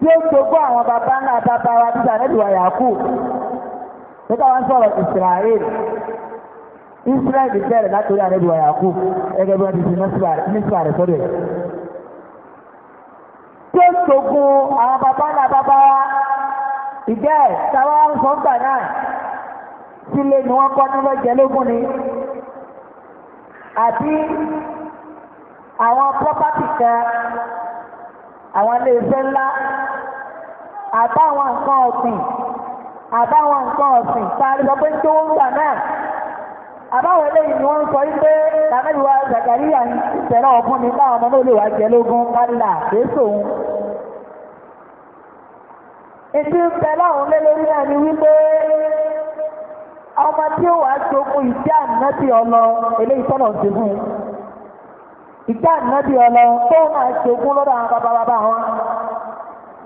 tí ó jogún àwọn bàbá ńlá bàbá wa títà nílùú àyàkú nígbà wọn sọ̀rọ̀ Israel Israel bẹ̀rẹ̀ látòrí ànílùú àyàkú gẹ́gẹ́ bí wọ́n ti fi nísìlá rẹ̀ sọ́dọ̀ ẹ̀. tí ó àwọn bàbá ńlá bàbá wa táwa ń sọ gbà náà sílé ni ni àwọn pọ́pátì kan. àwọn iléeṣẹ́ ńlá àtàwọn nǹkan ọ̀sìn àbáwọn nǹkan ọ̀sìn sáré sọ pé tó ń gbà náà àbáwọn eléyìí ni wọ́n ń sọ wípé làmẹ́lùwà Zakariya ń tẹ̀lé ọ̀fún ni káwọn ọmọ náà lè wá jẹ lógún kálá kéésò òun. ìdí tẹ̀lé ọ̀hún lé lórí náà ni wípé ọmọ tí ó wàá jogún ìdí àmì náà ti ọlọ eléyìí tọ́lọ̀ ń ṣe fún un. ìjà ànábì ọlọ tó náà ṣogún lọ́dọ̀ àwọn bàbá bàbá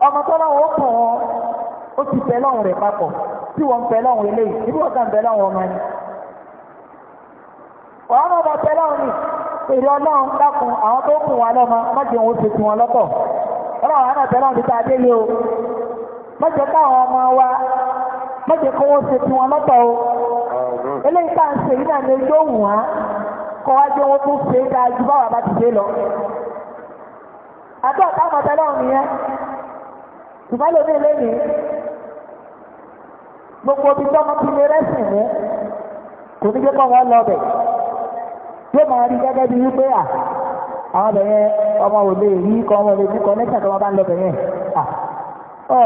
ọmọ tó lọ́wọ́ pọ̀ wọn ó ti bẹ lọ́hùn rẹ̀ papọ̀ tí wọ́n ń bẹ lọ́hùn ibi wọ́n kàn ọmọ wàá náà ni èrè ọlọ́run wọn lọ́mọ wọn ọlọ́run náà o káwọn ọmọ wa kó ti wọn kọwa wá jẹ́ wọ́n ṣe é ju báwa bá ti ṣe lọ. àdó ọ̀tá àmọ̀tẹ́ lọ́rùn ṣùgbọ́n lómi gbogbo ibi tí ọmọ ti rẹ́sìn mú kò ní jẹ́ kọ́ wọn lọ yóò máa rí gẹ́gẹ́ bí wípé à àwọn ọbẹ̀ yẹn ọmọ ò lè rí kọ́ ọmọ lè ní kọ́nẹ́tà bá ń yẹn à ọ̀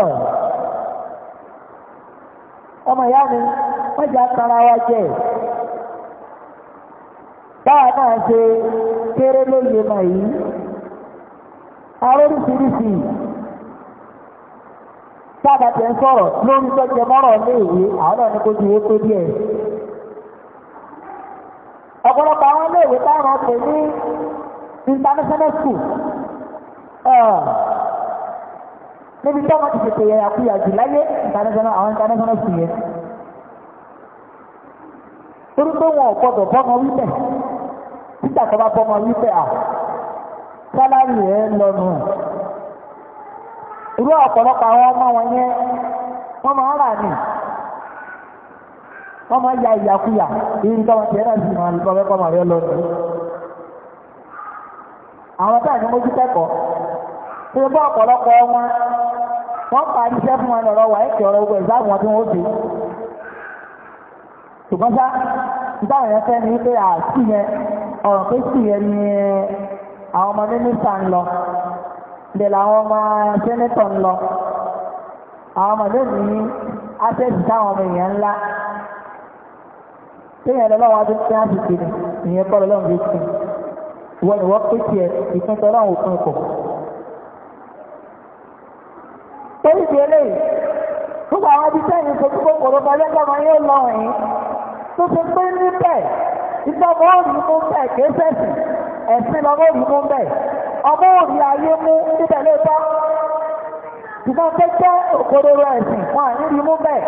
ọmọ báwa náà ṣe kéré lóye mọ̀ yìí aróríṣiríṣi sábà tẹ̀ ń sọ̀rọ̀ lórí tọ́jẹ mọ́rọ̀ léèwé àwọn náà ní kó ju owó tó díẹ̀ ọ̀pọ̀lọpọ̀ àwọn léèwé táwọn ọ̀pẹ̀ ní international school níbi tí wọ́n ti tètè yẹ̀yà kúyà jù láyé àwọn international school yẹn torí pé wọn ò gbọdọ̀ bọ́ wọn wí bẹ́ẹ̀. nígbà tó bá bọ́mọ wípé à sálárì ẹ̀ lọ́nu irú ọ̀pọ̀lọpọ̀ àwọn ọmọ wọn yẹn wọ́n máa rà ní wọ́n máa ya ìyàkuyà irú tó wọn náà sì máa lọ bọ́mọ rẹ lọ́nu àwọn táà ní mójú kẹ́kọ̀ọ́ tí ó bọ́ ọ̀pọ̀lọpọ̀ ọmọ wọ́n iṣẹ́ fún wọn ẹ̀kẹ́ ọ̀rọ̀ ogun wọn tí wọ́n ṣùgbọ́n sá yẹn fẹ́ ọ̀rọ̀ pé sì yẹn ni àwọn ọmọ mínísítà ń lọ ìdè làwọn ọmọ sẹ́nẹ́tọ̀ ń lọ àwọn ọmọ lónìí ní ásẹ́ẹ̀tì táwọn ọmọ èèyàn ńlá téèyàn lọ́wọ́ adé tí wọ́n ti kiri ìyẹn kọ́ lọ́wọ́ ń gbé kí wọ́n ni wọ́n pè tiẹ̀ ìpínlẹ̀ ọlọ́run òpin kọ̀. torí ti eléyìí gbogbo àwọn ibi sẹ́yìn fojú kòkòrò balẹ̀ gbọ́mọ yóò lọ wọ̀nyí tó ti pé níbẹ̀ iṣẹ́ ọmọ òòrùn mú kìí sẹ́sì ẹ̀sìn lọ́wọ́ òòrùn mú bẹ́ẹ̀ ọmọ ayé mú níbẹ̀ ló tọ́ ṣùgbọ́n pé jẹ́ ẹ̀sìn wọn àníbi mú bẹ́ẹ̀.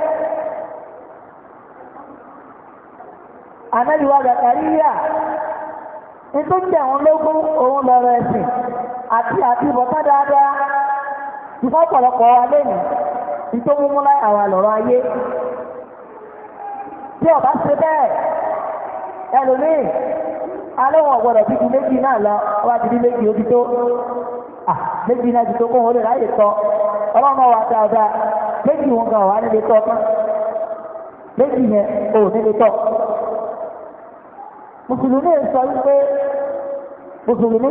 ànábìwá Zakariya nítorí jẹ́ lógún òun lọ́rọ̀ ẹ̀sìn àti àti ìbọ̀tán dáadáa ṣùgbọ́n nítorí ẹlòmíì alẹ́ wọn gbọ́dọ̀ ti di méjì náà lọ wá ti di méjì ojú tó méjì náà ti tó kóhun lè ráyè tọ ọlọ́mọ wa dáadáa méjì wọn gan wà nílé tọ́ kan méjì yẹn ò nílé tọ́ mùsùlùmí sọ wípé mùsùlùmí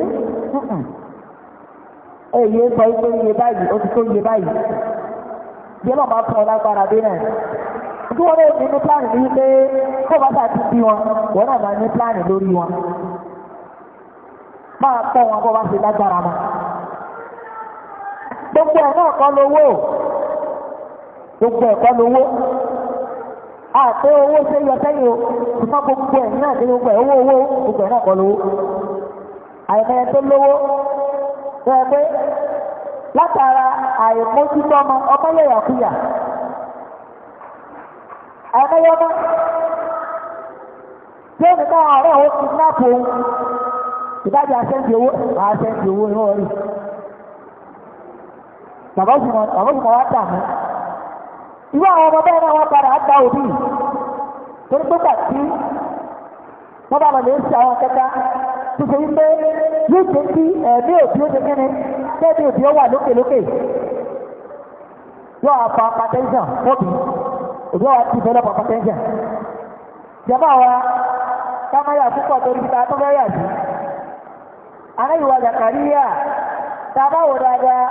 èyí sọ wípé iye báyìí ó ti tó iye báyìí bí ọlọ́mọ bá fún ọ lágbára dé náà tí wọ́n lè fi ní pílánì ní wípé kó bá bá ti bí wọn wọ́n náà máa ní pílánì lórí wọn máa pọ̀ wọn bó bá ṣe lágbára mọ́ gbogbo ẹ̀ náà kọ́ lówó gbogbo ẹ̀ kọ́ lówó àpé owó ṣe yọ sẹ́yìn o ṣùgbọ́n gbogbo ẹ̀ náà ṣe gbogbo ẹ̀ owó owó gbogbo ẹ̀ náà kọ́ lówó àìmọye tó lówó tó pé látara àìmójútó ọmọ ọmọ yẹ̀yà kúyà. àìmọye ọmọ jẹ́ni náà ọ̀rẹ́ òun ti ná po ìbájú owó àṣẹ́ǹtì owó ìwọ̀n rí bàbá wá dà mí àwọn ọmọ bẹ́ẹ̀ náà wọ́n padà á òbí torí pé gbà tí wọ́n bá lọ lè ṣe àwọn tó ṣe wípé yóò ẹ̀mí òbí ó ṣe kíni òbí ó òbí wa ti fẹ́lẹ́ pàpà tẹ́ńṣẹ̀ wa kámáyà púpọ̀ torí ta tó fẹ́ yà sí anáyíwá a bá dáadáa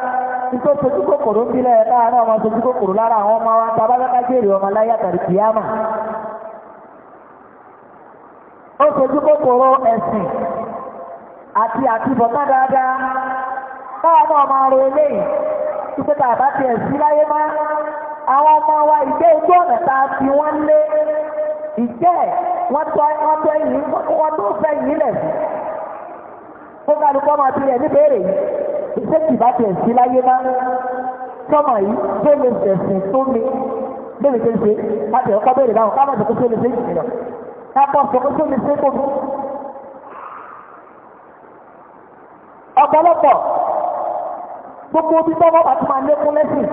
nítorí sojú kòkòrò ń bilẹ̀ káàánú ọmọ sojú kòkòrò lára àwọn ọmọ wa tá a bá fẹ́ ká jèrè ọmọ láyé àtàrí kìyàmà ó sojú kòkòrò ẹ̀sìn àti dáadáa eléyìí tàbá tiẹ̀ sí láyé àwọn ọmọ wa ìjẹ́ ojú ọ̀nà tá a fi wọ́n lé ìjẹ́ wọ́n tó ẹ̀yìn wọ́n tó fẹ́ yìí lẹ̀ sí. ó kálukọ́ máa ti rẹ̀ níbèrè yìí ìṣe kì bá tiẹ̀ sí láyé má sọ́mọ yìí tó lè ṣẹ̀sìn tó mi bẹ́ẹ̀ ṣe ṣe láti ọkọ bẹ́ẹ̀ dáhùn ká má sọ pé tó lè ṣe jìnnà ká bọ́ sọ pé tó lè ṣe kó mi. ọ̀pọ̀lọpọ̀ gbogbo omi tọ́wọ́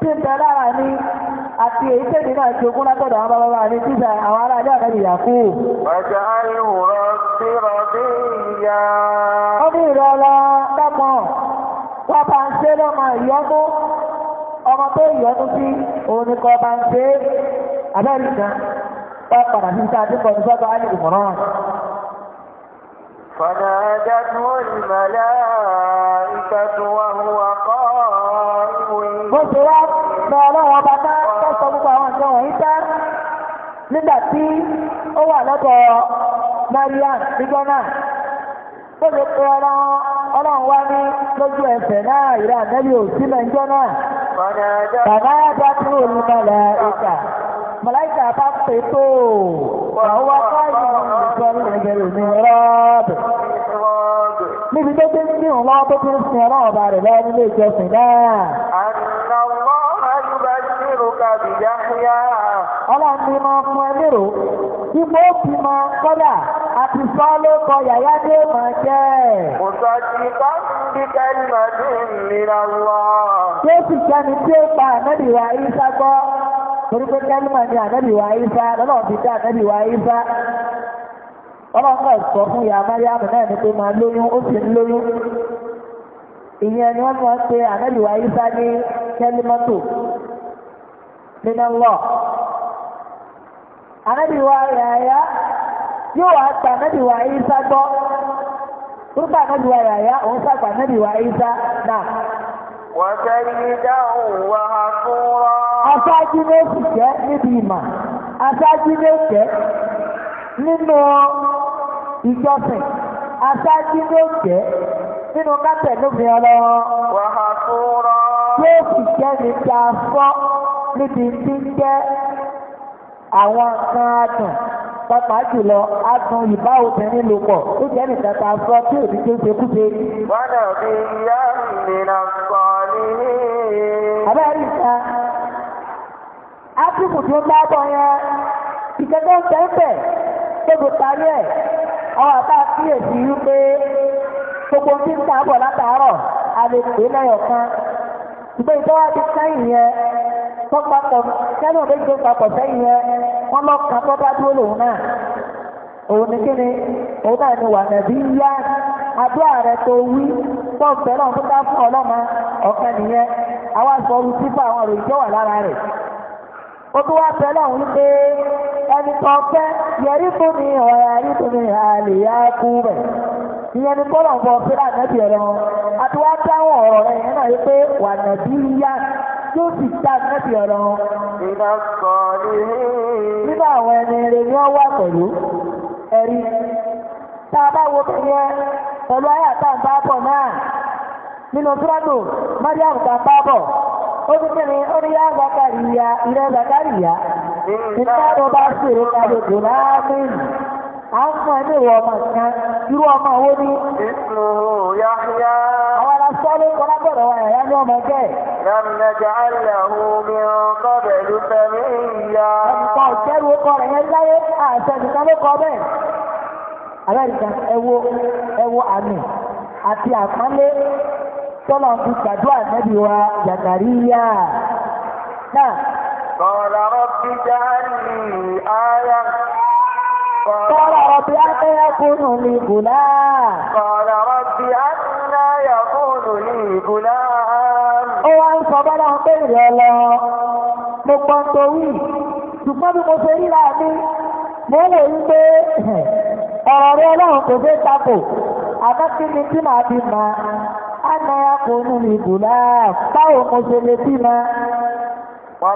tí ń bẹ lára ní àti èyí tèmi náà ti ogún látọ̀dọ̀ àwọn bàbá mi tí àwọn ará ilé àkàdì ìyàkú. ọjà ìwòrán tí rọbí ìyá. ó ní ìrẹ ọlọ dẹpọ wọn bá ń ṣe lọmọ ìyọnu ọmọ tó ìyọnu sí òun ni kò bá ń ṣe abẹ́rẹ́ kan wọ́n padà sí sáà tí ní sọ́dọ̀ á ìmọ̀ràn. فنادته الملائكة وهو قائم bó ṣe wá bẹ ọlọ́run ọba náà tọ́sọ gbogbo àwọn ìjọ wọ̀nyí tẹ́ nígbà tí ó wà lọ́dọ̀ Mariam nígbà náà ó lè pe ọlọ́run ọlọ́run wá ní lójú ẹsẹ̀ náà ìrà nẹ́bí ò sí mẹ́jọ náà bàbá yàtọ̀ tí ò ní mọ̀lẹ́ ìkà mọ̀láìkà bá pè tó àwọn wá káyọ̀ ìjọ ìrìnàjò ní rọ́ọ̀bù níbi tó ti ń kí òun lọ́wọ́ tó ti ń sin ọlọ́wọ́ bá rẹ̀ lọ́wọ́ nílé ìjọsìn náà. àná lọ́ ayúbá ṣírò kàbí yáyá. ọlọ́run ti máa fún ẹ lérò tí mo fi máa kọ́dà àti sọ́ọ́lé kọ yàyá dé máa jẹ́. kò sọ ti ká bí kẹ́lìmọ̀ sí ìlera lọ. tí ó sì kẹ́ni tí ó pa ànábì wa gbọ́ torí pé kẹ́lìmọ̀ ni ànábì wa ìsá lọ́nà ti ọlọ́kọ̀ sọ fún ìyá Mariamu náà ni pé máa lóyún ó sì ń lóyún ìyẹn ni wọ́n mọ̀ pé ànábìwá Isa ní kẹ́límọ́tò nínú lọ. ànábìwá Yahya yóò wá gba ànábìwá Isa gbọ́ rúbà ànábìwá Yahya òun sàgbà ànábìwá Isa náà. wọ́n fẹ́ yí dáhùn wá fún wọn. aṣáájú ló sì jẹ́ níbi ìmọ̀ aṣáájú ló jẹ́ nínú ìjọsìn aṣáájú ló jẹ́ nínú kátẹ̀ lómi ọlọ́run. yóò sì jẹ́ ní ti afọ́ níbi tí ń jẹ́ àwọn kan adùn pàápàá jùlọ adùn ìbá obìnrin lò pọ̀ ó jẹ́ nìkan ta sọ tí òbí tó ṣe kúṣe. wọ́n dàbí ìyá mi nà sọ nílé. abẹ́rẹ́ ìta áfíríkù tó ń bá bọ̀ yẹn ìkẹ́kẹ́ ń bẹ́ẹ̀ gbogbo parí ẹ̀ àwọn àbá kíyèsí wípé gbogbo tí ń tàbọ̀ látàárọ̀ a lè pè é lẹ́yọ̀ kan ṣùgbọ́n ti sẹ́yìn yẹn tó papọ̀ sẹ́yìn tó papọ̀ sẹ́yìn yẹn wọ́n lọ kà tó bá dúró lòun náà òun ní kíni òun náà ni wà nàbí yá tó wí tó ń bẹ̀rẹ̀ fún ọlọ́mọ ọ̀kan nìyẹn àwọn àṣọ orun sípò àwọn òròyìn ẹni kan fẹ́ yẹrí fún mi ọ̀rẹ́ yẹrí fún mi àlèyá kú bẹ̀. ìyẹn ni bọ́lọ̀ ń bọ sílẹ̀ ànábì ẹ̀rọ àti wá ọ̀rọ̀ rẹ̀ yẹn náà yí pé wà nàbí yá tí sì dá ànábì ẹ̀rọ. ìdá sọ ní. nígbà àwọn ẹni rẹ̀ ni wọ́n wà pẹ̀lú ẹ̀rí. tá a bá wo kẹ́yẹ pẹ̀lú ayé àtàǹbábọ̀ náà nínú tíráàdù mọ́ríàmù tàǹbábọ̀ ó ti kí ni ó ní yá zakariya ilẹ̀ zakariya nígbà tó bá ṣèrè kalẹ̀ tó náà méjì a ń fún ẹ ní ìwọ ọmọ kan irú ọmọ wo ni. àwọn alásọ́lé kan lábọ̀dọ̀ wa yàrá ní ọmọ jẹ́. lọ́nà jà lẹ́hu mi kọ́ pẹ̀lú fẹ́mi ìyá. ẹnìkan ìṣẹ́rù ọkọ rẹ̀ yẹn láyé àṣẹ nìkan ló kọ bẹ́ẹ̀. amẹ́ríkà ẹ wo àmì àti àpọ́nlé tọ́lọ̀ fi gbàdúrà nẹ́bí wa Zakariya náà. Qala rabbi ja'alni aya. Qala rabbi anna yakunu li gulam. Qala rabbi anna yakunu li gulam. Ó wá ń sọ bọ́lá pé ìrẹ̀ lọ. Mo gbọ́n torí, ṣùgbọ́n bí mo ṣe rí láàmú mo wò yí pé ọ̀rọ̀ rẹ ọlọ́run kò fẹ́ takò àbákíní tí màá fi mà á náírà kò ní ìbò láà báwo mo ṣe lè bí ma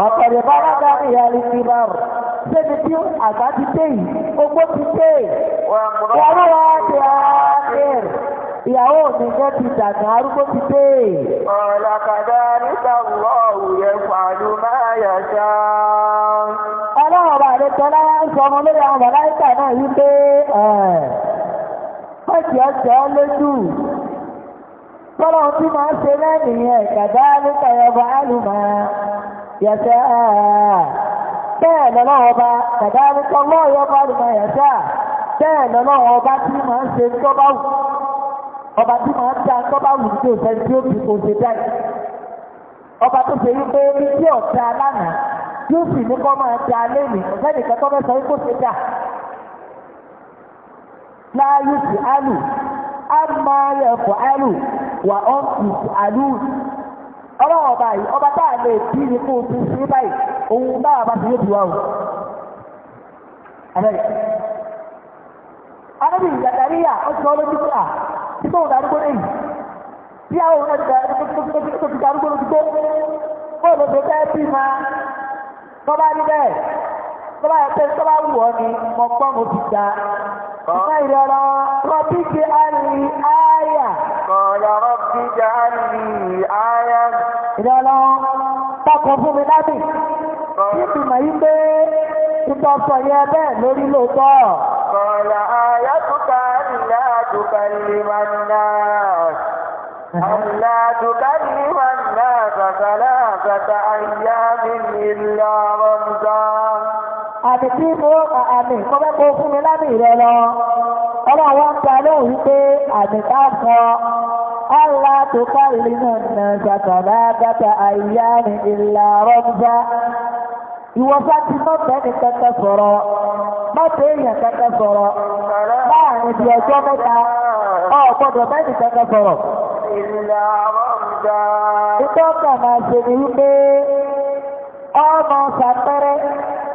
ọ̀pẹ̀lẹ̀ bá wá dá ìyá rí sí bá rò sébi tí àgbà ti dé yìí ogbó ti dé ìyàwó wa ti àákéèrè ìyàwó mi jẹ́ ti dàgbà arúgbó ti dé. ọ̀làkàdá nígbà wọ́ọ̀wù yẹn pàlú máa yà sáà ìtọ́lá ń sọ ọmọ lórí àwọn màláìkà náà yí pé ọ̀tí ọ̀tí ọ lójú tọ́lọ̀ tí máa ń ṣe lẹ́nìí ẹ̀ kàdá nípa ọba àlùmọ́ yẹ̀sẹ̀ bẹ́ẹ̀ lọ́nà ọba kàdá nípa ọlọ́ọ̀yọ́ ọba àlùmọ́ yẹ̀sẹ̀ bẹ́ẹ̀ lọ́nà ọba tí máa ń ṣe tọ́ba wù ọba tí máa ń ta tọ́ba wù tó ṣe tí ó fi kò ṣe dáì ọba tó ṣe wípé ní tí ọ̀tá lánàá. tí ó ní kọ́ máa ti alẹ́ mi sẹ́nìkan tó fẹ́ sọ kò ṣe dà láàyè sí àlù máa fọ àlù wà àlù ọlọ́wọ́ báyìí ọba tá a lè bí ní kó o ti ṣe báyìí òun bá ti o. Arábì ó sọ lójú pé à tí tó ń darúgbó tọ́ba rí bẹ́ẹ̀ tọ́ba yẹ pé tọ́ba wù ọ́ ni mo gbọ́ mo ti da. Ìgbà ìrọ̀rọ̀ rọ̀bì jẹ́ àlì áyà. Kọ̀ọ̀lọ̀ rọ̀bì jẹ́ àlì áyà. Ìrọ̀rọ̀ tọkọ fún mi lábì. Níbi mọ̀ yí pé ìtọ́sọ̀ yẹ bẹ́ẹ̀ lórí lóòótọ́. Kọ̀ọ̀lọ̀ ayá tuka ńlá tuka lè máa ń náà. Àlá tuka lè máa ń ثلاثة أيام إلا رمضان àti tí mo àmì kọ́bẹ́ kó fún mi lábì rẹ lọ ọlọ́run wọn ta lóhùn wípé àmì ká sọ ọlá tó kọ́ ìlú náà nà ṣàtàlá dáta àyíyá ní ìlà rọ́bùbá ìwọ́fà tí mọ́tẹ́ ní kẹ́kẹ́ sọ̀rọ̀ mọ́tẹ́ èèyàn kẹ́kẹ́ sọ̀rọ̀ láàrin ibi ọjọ́ mẹ́ta ọ̀ gbọ́dọ̀ mẹ́ni kẹ́kẹ́ sọ̀rọ̀. ìlà rọ́bùbá. Ìjọ́ na máa ṣe ọmọ ṣàpẹrẹ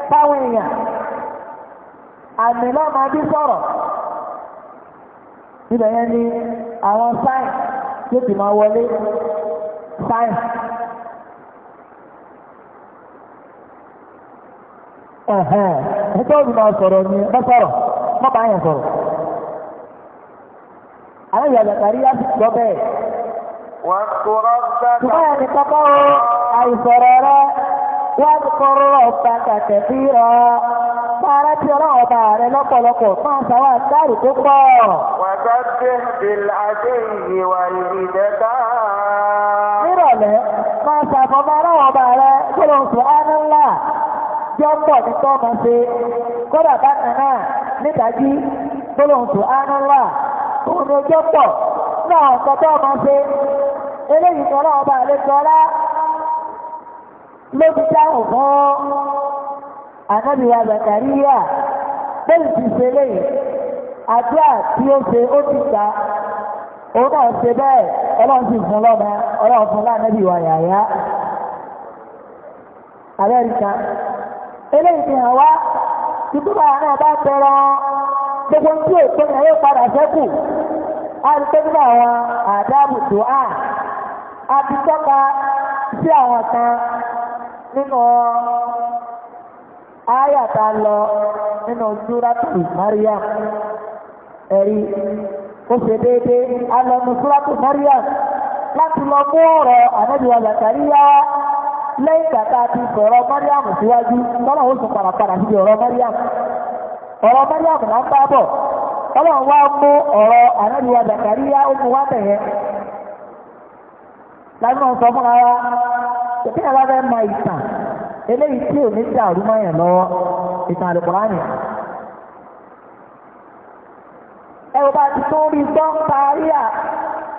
fáwọn èèyàn. Àmì bí sọ̀rọ̀. Ibẹ̀ ni àwọn sáìn tó ti máa wọlé sáìn. Ẹ̀hẹ̀n, ẹjọ́ ìgbìmọ̀ sọ̀rọ̀ sọ̀rọ̀, mọ́ bá yẹn sọ̀rọ̀. Àwọn ṣùgbọ́n ní kọ́kọ́ àìsọ̀rọ̀ rẹ wọ́n ti kọ́rọ̀ ọ̀pá kàkẹ́ lọ́pọ̀lọpọ̀ máa sáwà dárò tó pọ̀. Wàtọ́tí bìláṣẹ́ ìyè wà ìdẹ́ká. Nírọ̀lẹ́, máa ṣàfọ̀mọ́ ọlọ́run ọba rẹ gbọ́dọ̀ sùn ánúlá. Jọ́pọ̀ ní tọ́ máa ṣe. Kódà bákan náà nítají gbọ́dọ̀ sùn ánúlá. Òun ni ọjọ́ pọ̀ náà ọ̀sán eléyìí tọ́lá ọba àlejọ́lá ló ti dáhùn fún bẹ́ẹ̀ ti ṣe léyìí àdúrà tí ó ṣe ó ti ta òun náà ṣe bẹ́ẹ̀ ọlọ́run fún lọ́mọ ọlọ́run fún lánàbí yàyà Amẹ́ríkà eléyìí fi hàn wá ìdúrà náà a ti tọ́ka sí àwọn kan nínú ayàtà lọ nínú súrátù Mariam ẹ̀rí ó ṣe déédéé alọ́nu súrátù Mariam láti lọ mú ọ̀rọ̀ ànábìwá Zakariya lẹ́yìn kàkà ti sọ̀rọ̀ Mariam síwájú lọ́nà ó sọ pàràpàrà sí ọ̀rọ̀ Mariam ọ̀rọ̀ Mariam là ń bá bọ̀ ọlọ́run wá mú ọ̀rọ̀ ó mú láti máa sọ fún ara tètè yàrá fẹ́ ma ìtàn eléyìí tí ò ní sí àrùmọ̀yàn lọ́wọ́ ìtàn àlùkùránì. ẹ ò bá ti tó rí gbọ́ parí à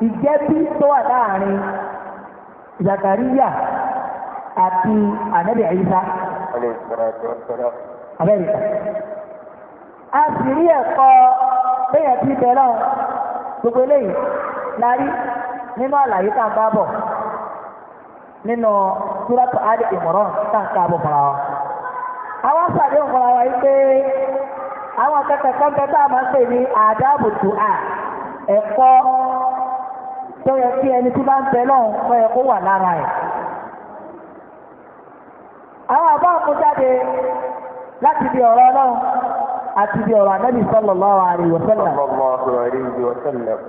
ìjẹ́bí tó wà láàrin Zakariya àti Ànábì Ìsá. Amẹ́ríkà. A sì rí ẹ̀kọ́ bẹ́yẹn ti bẹ̀rẹ̀ gbogbo eléyìí la rí nínú àlàyé tá à bá bọ̀ nínú túrọ́tù àdé ìmọ̀ràn tá à ń káàbọ̀ fúnra wa. àwọn sàdéhùn fúnra wa yìí pé àwọn akẹ́kọ̀ọ́ a máa ń pè ní àdáàbòtò à ẹ̀kọ́ tó yẹ kí ẹni tí bá ń ẹ kó wà lára ẹ̀. àwọn àbá láti di ọ̀rọ̀ àti di ọ̀rọ̀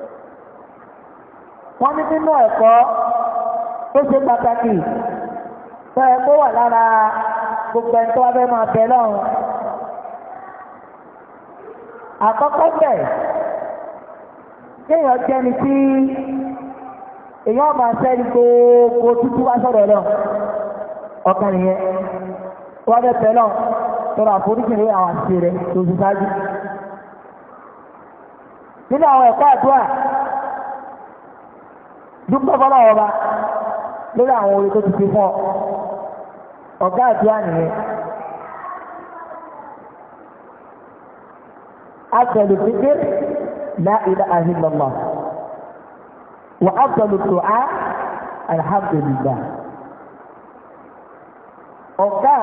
wọ́n ní nínú ẹ̀kọ́ tó ṣe pàtàkì tó ẹ kó wà lára gbogbo ẹni tó wá fẹ́ máa bẹ lọ́run àkọ́kọ́ bẹ̀ kéèyàn jẹ́ni tí èyàn máa sẹ́ni gbogbo títí wá sọ̀rọ̀ lọ ọkàn nìyẹn tọrọ àwọn tó ṣáájú nínú àwọn ẹ̀kọ́ dúpẹ́ fọlọ́ ọba lórí àwọn orí tó ti fi fún ọ ọ̀gá àdúrà nìyẹn afẹ́lu fífi la ilaha illallah wà afẹ́lu du'a alhamdulillah ọ̀gá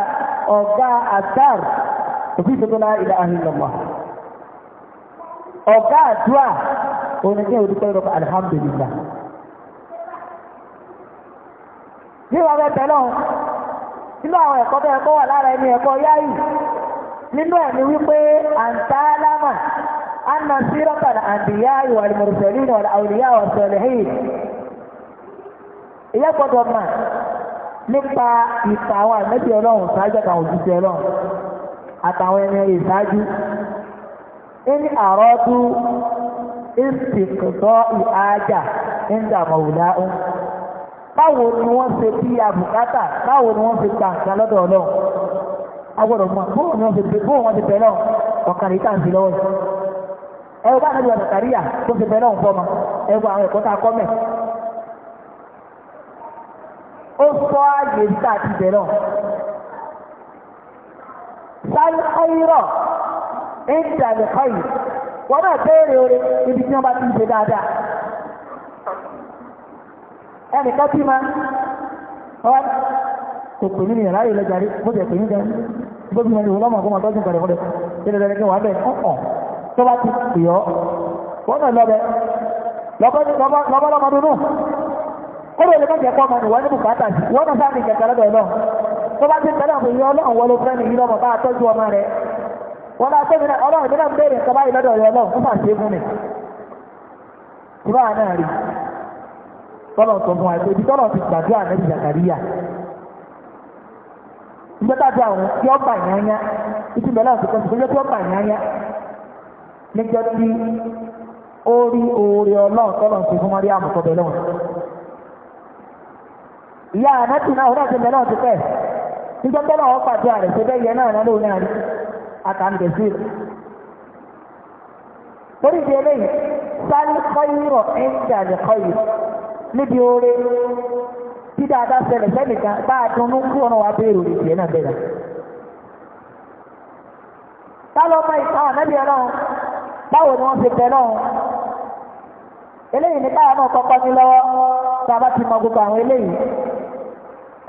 ọ̀gá àtàr òfin tuntun la ilaha illallah ọ̀gá àdúrà oníkẹ́ òdúpẹ́ rọ̀ alhamdulillah. bí wọ́n fẹ́ bẹ̀rẹ̀ ọ̀hún nínú àwọn ẹ̀kọ́ bẹ́ẹ̀ kọ́ wà lára ẹni ẹ̀kọ́ yáyì nínú ẹ̀ ni wípé àǹtálámà anna sírọ́tàn àǹdíyá ìwà ìmọ̀rùsẹ̀lì ìwà àwòrìyá ọ̀sẹ̀lẹ̀ hìí ìyá gbọ́dọ̀ mà nípa ìta àwọn àmẹ́bí ọlọ́run ṣáájú àtàwọn òjíṣẹ́ ọlọ́run àtàwọn ẹni ìṣáájú ní àrọ́dún ìsìnkùtọ́ ìhájà ń dàmọ̀ wùdá ń. báwo ni wọ́n ṣe bí abùkátà báwo ni wọ́n ṣe gbà nǹkan lọ́dọ̀ agbọ́dọ̀ mọ̀ bóun ni ṣe bẹ bóun wọ́n ṣe bẹ náà ọ̀kàrí tá à ń fi lọ́wọ́ ẹ wọ́n tó ṣe bẹ náà a sọ tá a ti bẹ náà sáré ń ibi tí bá ẹnìkan tí ma ọ́ kò pè mí nìyàrá yìí lẹ́jàrí bó ti pè mí gan gbogbo ìmọ̀ ìwọ̀n lọ́mọ̀ ọgbọ́n tọ́jú ìkàrẹ̀ fọ́dẹ̀ ilẹ̀ rẹ̀ kí wà bẹ́ẹ̀ ọ̀hún tó bá ti pè ọ́ wọ́n náà lọ́bẹ̀ lọ́bọ́lọ́mọ dúnú ó lè lè mọ́jẹ̀ pọ́ ọmọ ìwọ̀n ní bùkátà sí wọ́n náà sáà ní ìjẹ̀kẹ́ lọ́dọ̀ ọlọ́run tó bá ti tẹ́lẹ̀ àpò ìyọ́ ọlọ́run wọlé fẹ́ ní ìlọ́mọ̀ bá tọ́jú ọmọ rẹ̀ wọ́n náà tó mìíràn ọlọ́run tó náà béèrè nǹkan báyìí lọ́dọ̀ ọlọ́run ó fà sí fún mi. Ìbára náà rí i. tọ́lọ̀ tó mú àìsàn ibi tọ́lọ̀ ti gbàdúrà nẹ́bí Zakariya ìgbẹ́tàdé àwọn tí ó bà yányá títí bẹ́ẹ̀ láti kọ́ ṣùgbọ́n tí ó bà tí ó fún àmọ̀tọ́ ìyá náà pẹ́ tọ́lọ̀ ṣe bẹ́ẹ̀ yẹ náà náà lóun náà rí torí eléyìí sálí kọ́ níbi oore tí dáadáa ṣẹlẹ̀ sẹ́nìkan bá a dunnú kí wọn wá béèrè òní tiẹ̀ náà bẹ̀rẹ̀. Tálọ́ ọmọ ìta ànábìyẹ náà báwo ni wọ́n ṣe tẹ náà? Eléyìí ní báyà náà kọ́kọ́ ní lọ́wọ́ tá a bá ti mọ gbogbo àwọn eléyìí.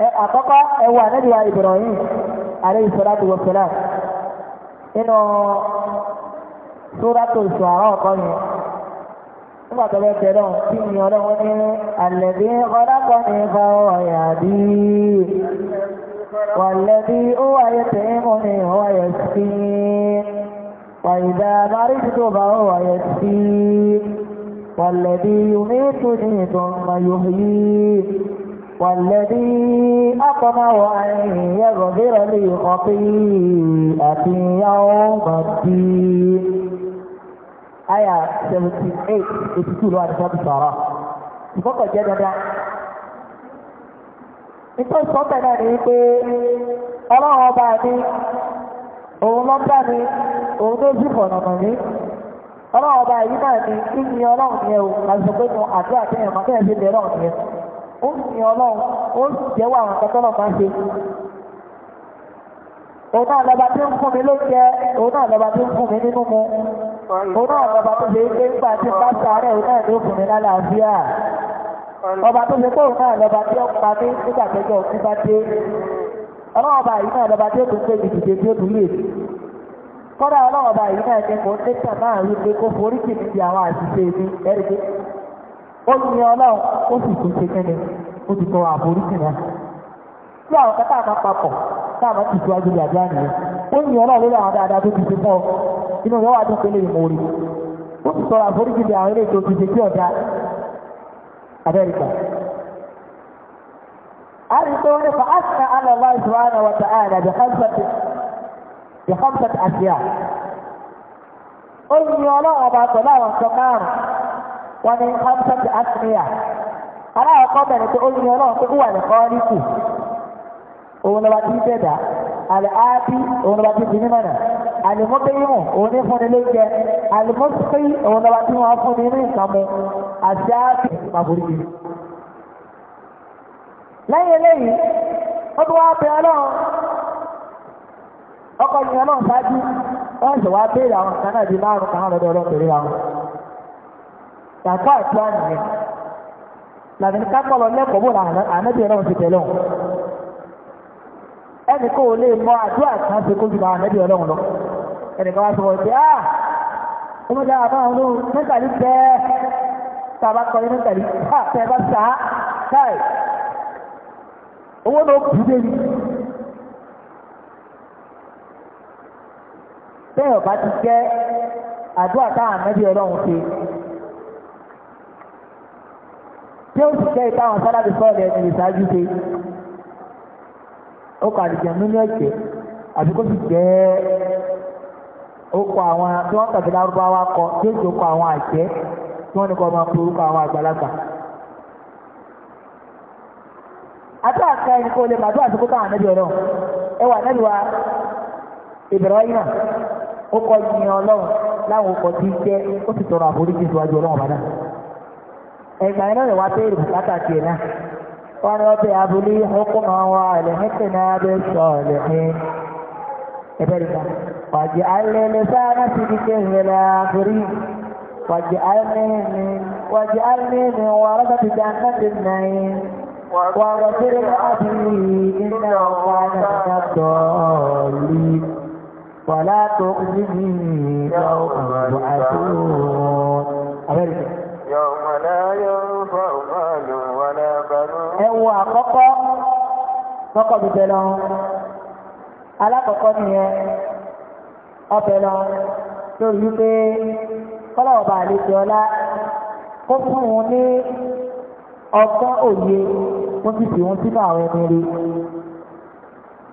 Ẹ àkọ́kọ́ ẹ wo ànábìyẹ Ibrahim alayhi salatu wa salam nínú Suratul Shu'ara ọ̀kọ́ yẹn. nígbàtọ̀ bẹ tẹ̀lé wọn tí mi ọlọ́wọ́ ní àlẹ́bí ọlọ́pàá ní ìfọwọ́ yàbí wàlẹ́bí ó wáyé tẹ̀yìn mú ní ìwáyé sí wàyídá márìsì tó bá ó wáyé sí wàlẹ́bí yomi tó ní ìtàn mayomi wàlẹ́bí akọmọwọ́ àyìn yẹ́gọ̀bẹ̀rẹ̀ lè kọ́ pé àti yàwó màdí. Aya seventy eight eighty two ló wà ní sọ̀rọ̀ ìfọ́kọ̀ jẹ́ dandan. nítorí náà ni pé ọlọ́run ọba mi òun mi òun ló fọ̀nà mọ̀ ọlọ́run ọba yìí náà ni kí ni ọlọ́run yẹn o láti sọ pé mo kí ẹ̀ lè yẹn ó ní ọlọ́run ó sì jẹ́wọ́ àwọn máa ṣe. òun náà lọ́ba tí Òun ọba tó ṣe pé nígbà tí bá sáré òun náà ló fún mi lálàáfíà. Ọba tó ṣe pé náà lọba tí ó pa mí nígbà tẹ́jọ́ bá dé. Ọlọ́run ọba yìí náà lọba tí ó tún pé ìdìbò tí ó tún lè. Kọ́dà ọlọ́run ọba yìí náà jẹ́ kó ní tàmá rí pé kó forí àwọn àṣìṣe ó ní ọlọ́run ó sì tún ṣe kẹ́ni ó ti inú yẹn wà tó pélé ìmòrì ó ti sọ̀rọ̀ àforíjì bí àwọn eléyìí tó ti ṣe kí ọ̀dà Amẹ́ríkà. a rí pé wọ́n ní fa asina alọ́lá ìṣúná wa ta'ala bí hamsat àṣìyà ó yin ọlọ́run ọba pẹ̀lú àwọn nǹkan márùn-ún wọ́n ní hamsat àṣìyà aláàkọ́ bẹ̀rẹ̀ pé ó yin ọlọ́run pé wà ní kọ́ọ́líkù òun lọ́ba tí ń tẹ̀dá àlẹ́ ábí òun lọ́ba tí ń fi alimọ́bẹ́yìn òun ní fúnni lóúnjẹ alimọ́sí òun lọ́wọ́ tí wọ́n fúnni ní nǹkan mu àti áàpì pàbùrì. lẹ́yìn eléyìí ó tún wáá bẹ ọlọ́run ọkọ̀ yìí ọlọ́run ṣáájú wọ́n ṣe wáá béèrè àwọn nǹkan náà di márùn-ún kan lọ́dọ̀ ọlọ́run pẹ̀lú àwọn. yàtọ̀ àti wá nìyẹn làbí ní kápọ̀ lọ lẹ́kọ̀ọ́ bò ànábì ọlọ́run ti tẹ̀lé òun ẹnì kò lè mọ àdúrà kan ṣe kó ju àwọn ànábì ọlọ́run lọ ẹnìkan wá sọ wọ́n pé ah ọmọ ìjà àbá àwọn olóhùn mẹ́tàlí tẹ́ tá a bá kọ́ ní mẹ́tàlí tá a tẹ́ bá sá káì owó náà kù dé ni. bẹ́ẹ̀ ọ̀bá ti jẹ́ àdúrà táwọn àmẹ́bí ọlọ́run ṣe tí ó sì jẹ́ ìtàwọn sálábì sọ́ọ̀lì ẹni ìṣáájú ṣe ó kà àdìjẹ́ nínú ẹ̀jẹ̀ àbí sì jẹ́ okò àwọn tí wọ́n kàtí lárúbáwá kọ tí ó jò kọ àwọn àjẹ́ tí wọ́n ní kọ́ máa porúkọ àwọn àgbàlagbà. àti àka ẹni kó lè màdúrà tó ànábì ẹ wà wa ó kọ láwọn tí ó sì tọrọ àforíjì síwájú bàdà iná rẹ̀ wá bùkátà tiẹ̀ náà abúlé máa واجعل لسان صدق الآخرين واجعلني من واجعلني من ورثة جنة النعيم واغفر لأخي إنه كان من الضالين ولا تخزني يوم يبعثون أمريكا يوم لا ينفع مال ولا بنون ẹwọ àkọ́kọ́ kọ́kọ́ bìbẹ̀ lọ alákọ̀ọ́kọ́ nìyẹn ọbẹ̀ lọ lórí wípé kọ́lọ́ọ̀bà àlejò ọlá kó fún un ní ọgbọ́n òye ó sì fi sínú àwọn ẹni rí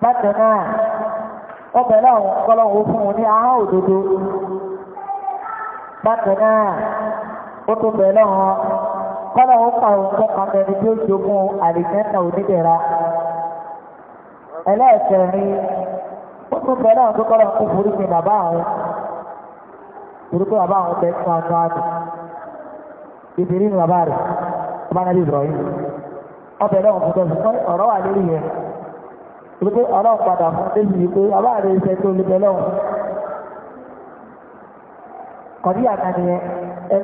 bákan náà ọbẹ̀ náà kọ́lọ́wọ́ fún un ní ahọ́n òdodo bákan náà ó tó bẹ̀ lọ́wọ́ kọ́lọ́wọ́ pàrọ̀ kọ́kàn mẹ́rin tí ó jogún àlìkẹ́ńtà onídẹ̀ra ẹlẹ́ẹ̀kẹrin tún bẹ̀rẹ̀ àwọn tó kọ́ra kó forí bàbá àwọn forí bàbá àwọn bẹ̀rẹ̀ kan tó ìbírí ni bàbá rẹ̀ bàbá náà bí Ibrahim ọbẹ̀ lọ́wọ́ fún fún ọ̀rọ̀ wà lórí yẹn ọlọ́run padà fún yìí pé bàbá tó ẹni tí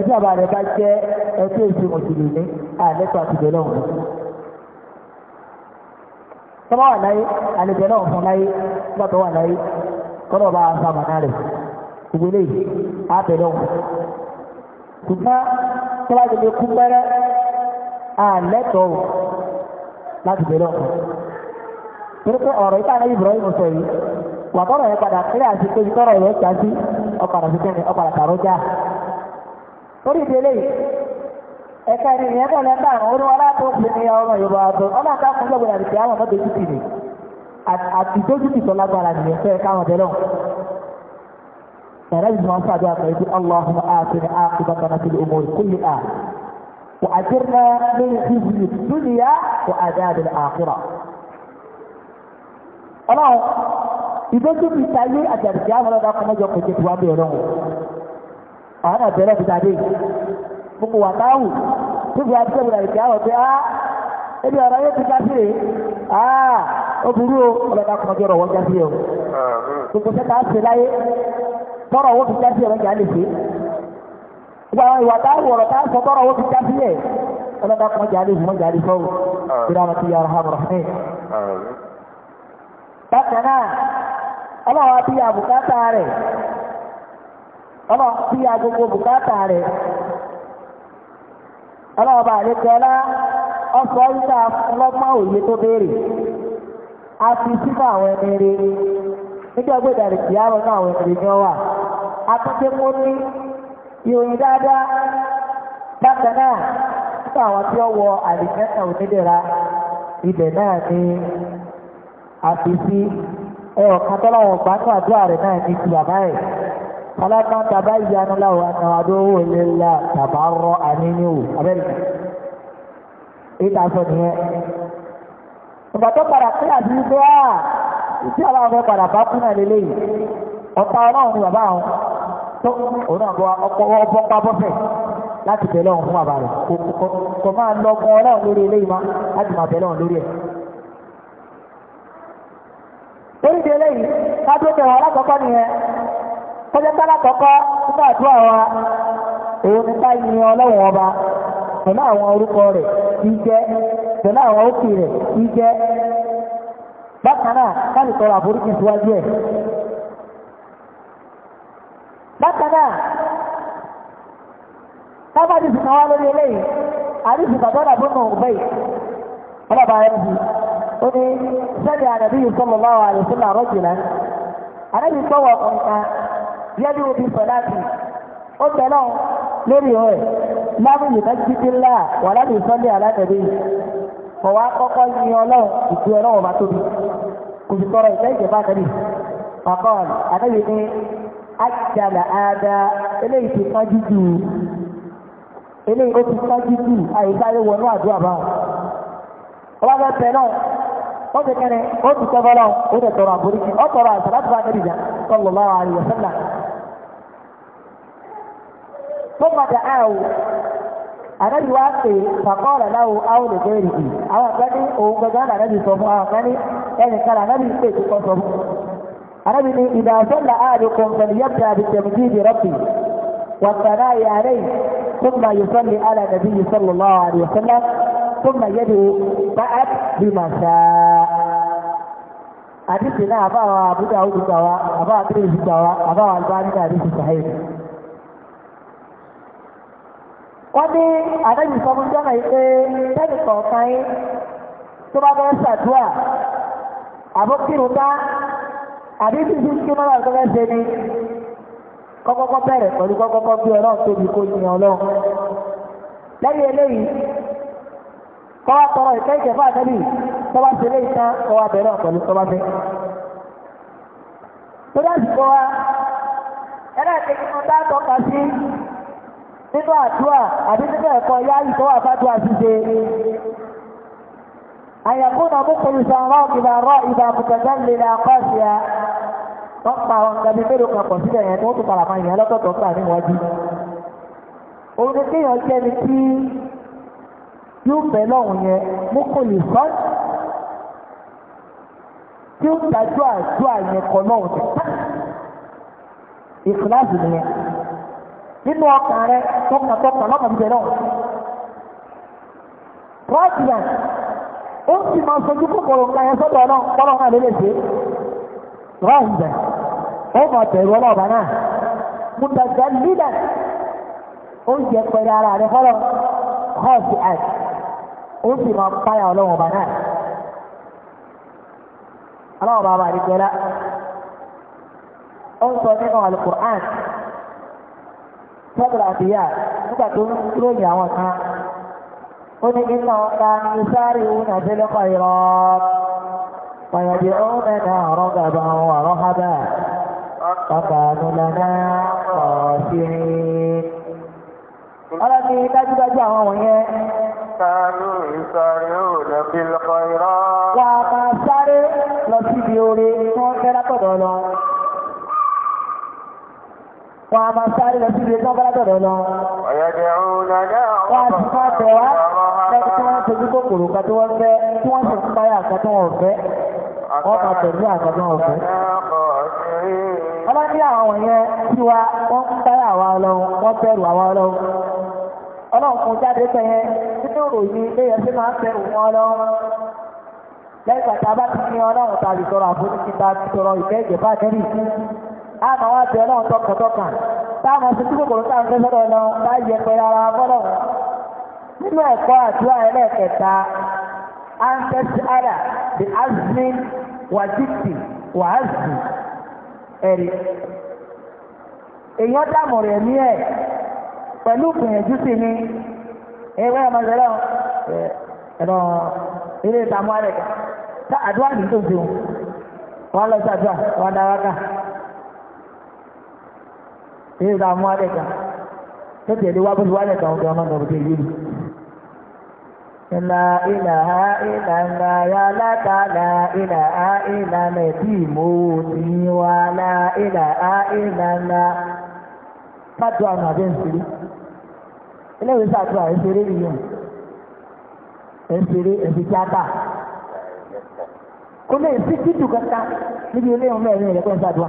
bàbá bá jẹ́ ẹtí èsì tọ́ba wà láyé àlejò náà fún láyé nígbà tó wà láyé kọ́nà bá a sábà náà rẹ̀ gbogbo eléyìí á tẹ̀lé wọn. ṣùgbọ́n tọ́ba ti kú pẹ́rẹ́ àlẹ́tọ̀ọ́ láti tẹ̀lé wọn. torí ọ̀rọ̀ ìta náà Ibrahim sọ yìí wà tọ́rọ̀ yẹn padà kílẹ̀ àti péjú tọ́rọ̀ yẹn kí á sí ọkọ̀ àti kẹ́ni já. ẹ̀ka n'i ẹ̀kọ́ lẹ́ta àwọn orí wọn látó pè ní ọmọ yorùbá ọmọ fún àwọn ọmọ ni àti dojútì tó lágbára nìyẹn fẹ́ káwọn tẹ́lọ̀ ẹ̀rọ ìgbìmọ̀ ń fàdé àpẹẹrẹ bí ọlọ́run àti ní náà à wà á jẹ́ wà á jẹ́ àkúrà. ọlọ́run gbogbo wà táwù tó fi àti sẹ́gun àìsí àwọ̀ pé á ah, ebi ọ̀rọ̀ yóò ti jásí rè á ah, ó burú o ọlọ́dà kan jọ̀rọ̀ wọ́n jásí o gbogbo sẹ́ta á ṣe láyé tọ́rọ̀ wọ́n fi jásí ọ̀rọ̀ ìjà lè ṣe gbogbo àwọn ìwà táwù ọ̀rọ̀ táwù sọ tọ́rọ̀ wọ́n fi jásí ẹ̀ ọlọ́dà kan jà lè mọ́ jà lè fọ́wọ́ ìdáná ti yára hàn rọ̀ bákan náà ọlọ́wọ́ bí abùkátà rẹ̀ ọlọ́wọ́ bí agogo bùkátà rẹ̀ ọlọ́ọ̀bà àlékẹ́lá ọ̀sọ̀ ìta lọ́gbọ́n òye tó béèrè a fi sínú àwọn ẹni rẹ nígbà gbọ́dọ̀ rẹ̀ kì í náà àwọn ẹni wà ní ìròyìn dáadáa bákan náà àwọn tí ó wọ àlìkẹ́ta ibẹ̀ náà ni a fi sí ẹ̀ọ̀kan tọ́lọ́wọ̀n gbánú àdúrà rẹ̀ náà ní bàbá ẹ̀. فلما تبين له أنه عدو لله تبرأ منه أبدا إيه تعرفون هي nígbà tó padà pé àdúgbò á tí àwọn afẹ́ padà bá kú náà lélẹ́yìn ọ̀tá ọlọ́run ni bàbá àwọn tó òun náà bọ́ ọbọ̀ pa bọ́fẹ̀ láti bẹ̀lẹ̀ ọ̀hún fún bàbá kò máa lọ ọkọ̀ ọlọ́run lórí eléyìí má láti máa bẹ̀lẹ̀ ọ̀hún lórí ẹ̀. torí di eléyìí ká tó bẹ̀rẹ̀ alákọ̀ọ́kọ́ nìyẹn tọ́jọ́ sára kọ́kọ́ nígbà tó àwa èèyàn nípa ìyẹn ọlọ́wọ̀n ọba pẹ̀lú àwọn orúkọ rẹ̀ ń pẹ̀lú àwọn òkè rẹ̀ ń bákan náà káàlì tọrọ àforíjì síwájú ẹ̀ bákan náà káfáàdì sì náwó lórí eléyìí ọlọ́ba ó ní sẹ́ni àdàbí yìí sọ́mọ́ báwa àdàbí sọ́wọ́ yẹ́dí omi sọ̀láàtì ó tẹ̀lọ́ lórí rẹ̀ lábùn yìí lọ́jọ́ títí ńlá wà lábùn ìsọ́lẹ̀ alátẹ̀lé ọ̀wá kọ́kọ́ ní ọlọ́run ìpín ọlọ́run bá tóbi kò sì tọrọ ìfẹ́ ìjẹ̀bá kẹ́lì ọ̀kọ́ àtẹ́yẹ ní àjàlà àdá eléyìí ti kánjú jù eléyìí ó ti kánjú jù àyíkáyé wọnú àdúrà ọba bẹ náà ti kẹ́ni ó ti tẹ́ fọ́lọ́ ó ti tọrọ ó tọrọ àṣàlá ثم دعاه anabi wa pe fakọọlẹ láwo àwọn olùgbé rìbì àwọn àgbẹ̀ ní òun gbẹgbẹ náà anabi sọ fún àwọn àgbẹ̀ ní ẹnìkan anabi pè tó kọ sọ fún. anabi ní ìdá sọ́là ààrẹ kọ̀ǹfẹ̀lì yẹ́pẹ̀ àbìtẹ̀mù bíi ìdìrọ́pì wàtàrà yàrá yìí ثم يصلي على النبي صلى الله عليه وسلم ثم يدعو بعد بما شاء حديثنا أبا أبو داود أبا أبا أبو أبا أبا أبا أبا أبا أبا أبا wọ́n ní àdájú sọ fún jọ́nà yìí pé tẹ́lì kọ̀ọ̀kan yín tó bá fẹ́ ṣàdúrà àbókìrún bá àbí bíbí kí wọ́n bá tó fẹ́ ṣe ni kọ́kọ́kọ́ bẹ̀rẹ̀ pẹ̀lú kọ́kọ́kọ́ bí ọlọ́run tóbi kó yin ọlọ́run lẹ́yìn eléyìí kọ́ wa tọrọ ìfẹ́ ìjẹ̀fọ́ àtẹ́bí tó bá ṣe léyìí tán kọ́ wa bẹ̀rẹ̀ pẹ̀lú tó bá fẹ́ tó dá sì kọ́ wa ẹlẹ́ẹ̀kejì kan dá tọ́ka sí nínú àdúrà àbí nínú ẹ̀kọ́ yáyì tó wà fádùá ṣíṣe àyàkúnà múkùnrin sanwó ìbá rọ ìbá mùtẹ̀gẹ́ lè ní akọ́ṣíà wọ́n pa àwọn nǹkan bíi mélòó kan pọ̀ sílẹ̀ yẹn tó tún padà máa yàn lọ́tọ̀ọ̀tọ̀ gbà níwájú òun ni kéèyàn jẹ́ ni kí yóò bẹ̀ lọ́hùn yẹn múkùnrin sọ́ọ̀ tí ó dájú àdúrà yẹn kọ́ lọ́hùn yẹn ìkìláàsì nìyẹn nínú ọkàn rẹ tọkàntọkàn lọ́kàn bíbẹ̀ náà. Rọ́ọ̀tìyà ó sì máa sojú kòkòrò nǹkan yẹn sọ́dọ̀ náà kọ́lọ́ náà lélẹ̀ ṣe. Rọ́ọ̀tìyà ó máa tẹ̀rù ọlọ́ọ̀bá náà. Mùtàjà lídà ó jẹ pẹ̀lú ara rẹ fọ́lọ́ họ́ọ̀sì àt ó sì máa páyà ọlọ́wọ̀n náà. Ọlọ́wọ̀n wà ní gbẹ́lá. Ó ń sọ nínú Al-Qur'an sábàlá àdìyà nígbà tó ń ròyìn àwọn kan ó ní iná ọ̀la ní sáré òun àbẹ́lẹ́kọ̀ ìrọ̀ pàyàdé òun ẹ̀dá ọ̀rọ̀ gàbà àwọn ọ̀rọ̀ hábà kàkàánú lọ́nà ọ̀sìn. ọ̀rọ̀ ni dájúdájú àwọn wọ̀nyẹn. sáré ìsáré òun àbẹ́lẹ́kọ̀ ìrọ̀. wà á máa sáré lọ síbi Wọ́n a máa sáré lọ sí ilé tán bá látọ̀dọ̀ lọ. Ọ̀yẹ̀dẹ̀ òun lọ́dẹ̀ ọ̀rọ̀. Wọ́n a ti máa tẹ̀ wá lẹ́bi tí wọ́n tojú kòkòrò kan tí wọ́n fẹ́ tí wọ́n sì ń báyà kan tí wọ́n fẹ́. Wọ́n máa tẹ̀lé àkan tí wọ́n fẹ́. Ọlọ́dí àwọn yẹn tí wa wọ́n ń báyà wa àmọ́ wá bẹ̀ náà tọkàntọkàn táwọn ọ̀sẹ̀ tí kòkòrò tá à ń fẹ́ sọ́dọ̀ lọ bá yẹ ara fọ́lọ̀ nínú ẹ̀kọ́ a ẹlẹ́ẹ̀kẹta ancestry ara the azmin wajiti wahazi ẹ̀rí èèyàn dààmú rẹ̀ ní ẹ̀ pẹ̀lú gbìyànjú sí ni ẹ̀wẹ́ ọmọ ìṣẹ̀lẹ̀ ẹ̀rọ ilé àrẹ̀kẹ́ tá àdúrà wọn lọ sí àdúrà wọn èyí ká mú alẹ́ kan tètè lé wá bọ́sù wálẹ̀ kan ọ̀gá ọmọ ọ̀gá òkè yìí. Ìlà ìlà ha ìlà ńlá ya láta la ìlà ha ìlà lẹ̀bí ìmòwò tí wà la ìlà ha ìlà ńlá. Fátó àwọn àbẹ̀ ń ṣeré. Ilé ìwé sàtúrà ń ṣeré nìyẹn. Ń ṣeré ẹ̀sìn tíátà kò lè sí títù kankan níbi ilé ọmọ ẹ̀yìn rẹ̀ pẹ̀lú àdúrà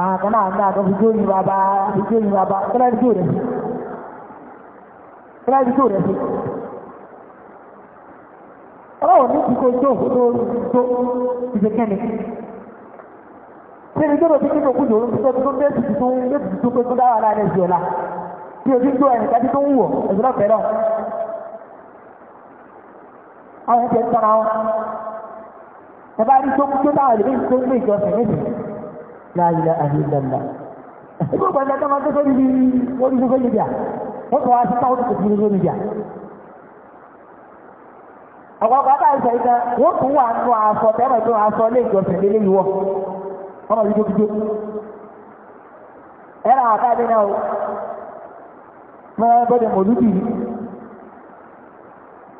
àwọn kan náà ń dá àtọ́ fíjó ní bàbá fíjó ní bàbá kíláàdì tó rẹ̀ sí kíláàdì tó rẹ̀ sí ọlọ́wọ̀ ní ti kò tó tó tó ìfẹ́kẹ́ni ṣe ni tó lọ sí nínú òkú yòó tó tó bẹ́ẹ̀ tuntun tó ń o ti ń tó ẹnì kájí tó ń wọ̀ ẹ̀sìn ọ̀fẹ́ náà àwọn ẹ̀sìn ẹ̀ tọ́ra wọn ẹ̀ bá rí tó tó dáwà lè ìjọsìn níbi la ilaha illallah ẹgbẹ́ ìgbàlẹ̀ máa tó sórí ní orí gbogbo media ó sọ wá sí táwọn tó kòtò gbogbo media àwọn ọkọ̀ àbá ìṣẹ̀ ìkan wọ́n tún wà nù aṣọ tẹ́mọ̀ tó aṣọ lé ìjọsìn lé léyìí wọ́ ọmọ yìí dókító ẹ̀rọ àwọn káàdé náà mọ́ bọ́dẹ̀ mọ̀lúbì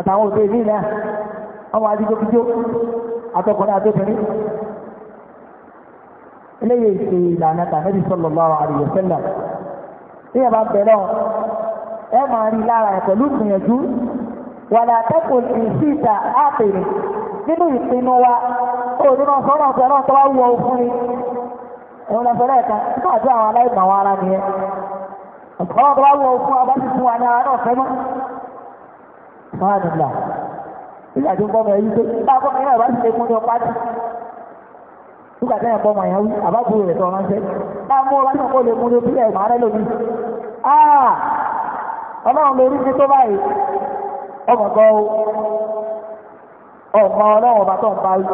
àtàwọn òṣèré náà ọmọ adídókító àtọkùnrin àtọkùnrin eléyìí ṣe ìlànà tàbí sallallahu alaihi wasallam ní ẹ̀bá bẹ̀rẹ̀ ẹ máa rí lára ẹ̀ pẹ̀lú ìgbìyànjú wàlá àtẹ́kù ìṣìṣà ápèrè nínú ìpinnu wa òdúnà sọ́nà sọ́nà tó wá wọ òfin ni òun lọ fẹ́rẹ̀ kan nígbà tí àwọn aláìmọ̀ wa ara nìyẹn ọ̀pọ̀ tó wá wọ òfin ọba ti fún wa ní ara náà fẹ́ mọ́ máa nìlà ìyàjú gbọ́mọ ẹ̀yí pé bá ẹ̀yí náà nígbà tẹ́yà pọ́ mọ̀ ìyàwó àbábúrò rẹ̀ tọ́ ránṣẹ́ bá mú ọba náà kó lè mú lóbi ẹ̀ màá rẹ̀ lómi áà ah! ọlọ́run lórí ti tó báyìí ọmọ gan o ọmọ ọlọ́run ọba tó ń parí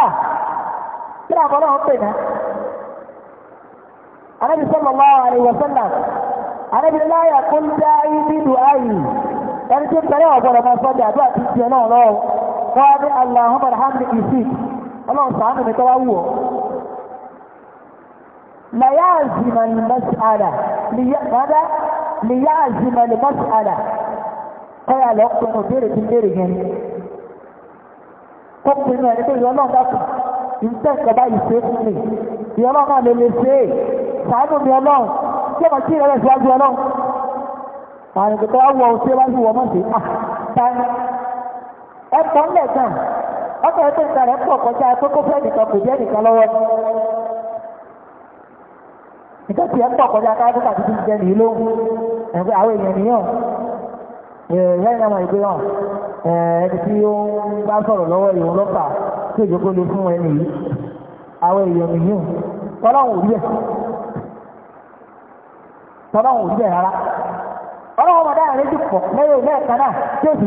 à ah! kí ni àbọ̀lọ́run pè náà anábì sallallahu alaihi wasallam anábì láyà kó ń dá ibi dùn áyì ẹni tí ń tẹ̀lé ọ̀gbọ̀dọ̀ máa sọ́jà àdúrà ti tiẹ̀ náà lọ́wọ́ wọ́n á dé Allahumma alhamdulilayi ọlọ́run sàánù mi tọ́wá wù ọ́ làyáàzìmọ̀ ní mọ́sàlá lìyàmọ́dá lìyáàzìmọ̀ ní mọ́sàlá kọ́yà lọ́kùnrin òbéèrè tí béèrè yẹn kó pinnu ẹni pé ìyọ́nà dákùn ìtẹ́ ìkọ̀bá ìṣe fún mi ìyọ́nà náà lè lè ṣe é sàánù mi ọlọ́run tí ọmọ tí ìrẹ́lẹ̀ síwájú ọlọ́run àwọn ìgbẹ́kọ̀ wọ òṣèwájú wọ mọ́tì ẹ̀kọ́ ńlẹ̀ kan ọkọ̀ ẹgbẹ́ ìta rẹ̀ pọ̀ kọjá pé kó fẹ́ kò jẹ́ nìkan lọ́wọ́ nìkan tiẹ̀ pọ̀ kọjá káàkiri àti ti jẹ nìyí lóhùn ẹgbẹ́ àwọn èèyàn nìyàn lẹ́yìn àwọn ìgbé hàn ẹni tí ó ń bá sọ̀rọ̀ lọ́wọ́ ìwọ̀n lọ́pàá tí òjò kó lè fún ẹni yìí àwọn èèyàn nìyàn tọ́láwọn òbí ẹ̀ tọ́láwọn òbí ẹ̀ rárá ọlọ́wọ́ mọ̀dá ẹ̀rẹ́jì pọ̀ lẹ́yìn ilé ẹ̀ka náà tí ó sì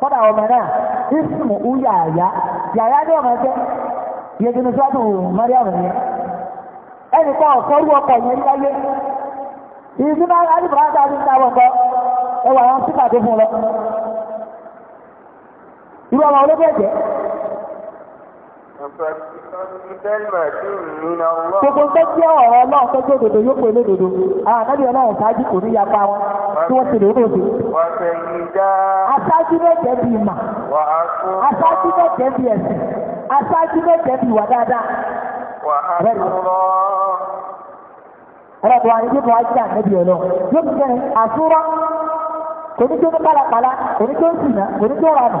kọ́dà ọmọ náà ismu u yàyà yàyà ní ọmọ ẹgbẹ́ yẹtùnú sọ́tù mariam yẹn ẹnì kan ọ̀sọ́rú ọkọ̀ yẹn láyé ìdí náà alìbùrọ̀dá ti ń ta ọkọ̀ ẹwà wọn sípàdé fún lọ. ìwọ ọmọ olóbẹ̀jẹ̀ Gbogbo tó jẹ́ ọ̀rọ̀ náà tó jẹ́ òdòdó yóò pè lódòdó. Àwọn àdábì ọlọ́run ṣáájú kò ní yapa wọn tí wọ́n ti lè rò sí. Aṣáájú mẹ́jẹ̀ bí ìmà. Aṣáájú mẹ́jẹ̀ bí ẹ̀sìn. Aṣáájú mẹ́jẹ̀ bí ìwà dáadáa. Ọlọ́dún wa ni bí mo wá jẹ́ ànábì ọlọ́run. Yóò fi jẹ́ àṣúrọ́. Kò ní tó ní pálapàla, kò ní tó ń sìnà, kò ní tó rànà.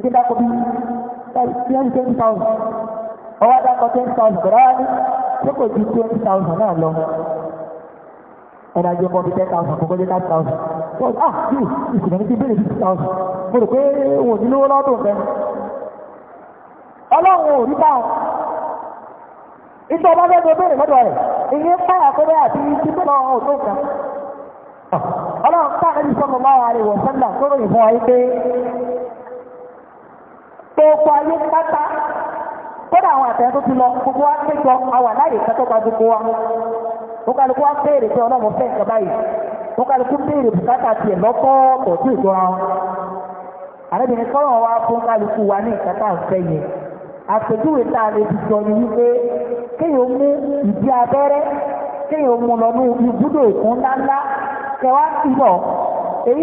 ẹjẹ eh, dákọ twenty oh, twenty thousand wa thousand ju thousand ten thousand kò thousand ah yìí ìsìnkú ti bẹ̀rẹ̀ thousand mo rò pé wọn ò ní lówó lọ́dún ọlọ́run ò rí iṣẹ́ ọba fẹ́ẹ́ bẹ̀rẹ̀ lọ́dọ̀ rẹ̀ ìyẹn fáyà kọ́dọ̀ àti ti kan ọlọ́run máa wà tó gbogbo ayé pátá kódà àwọn àtẹ̀yẹ tó ti lọ gbogbo wa péjọ àwà láyè gbogbo wa kókàlùkù wa béèrè pé ọlọ́run fẹ́ nǹkan báyìí kókàlùkù béèrè bùkátà tiẹ̀ lọ́tọ̀ọ̀tọ̀ tí ìjọ ara wọn. àrẹ́bìnrin kọ́rọ̀ wa fún kálukú wa ní ìkàtà yẹn àpèjúwe tá a lè fi wípé kéèyàn mú ìdí abẹ́rẹ́ kéèyàn mú lọ ní ibùdó òkun ńláńlá kẹwàá ti bọ̀ èyí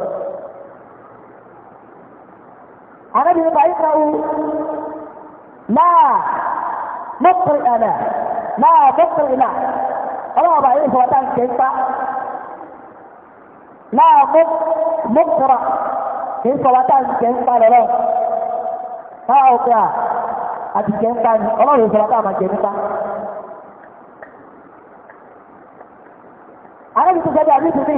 Ànábì nípa ìkàwé máa mọ́kùnrin ẹ̀nà máa mọ́kùnrin náà ọlọ́wọ́ bá yìí fọwọ́tà ń ké nípa máa mọ́kùnrin kìí fọwọ́tà ń ké nípa lọ́wọ́ máa òkè à àti ké nípa ni ọlọ́wọ́ ìfọwọ́tà máa ké nípa. Ànábì tó sọ́jà ní ìdílé.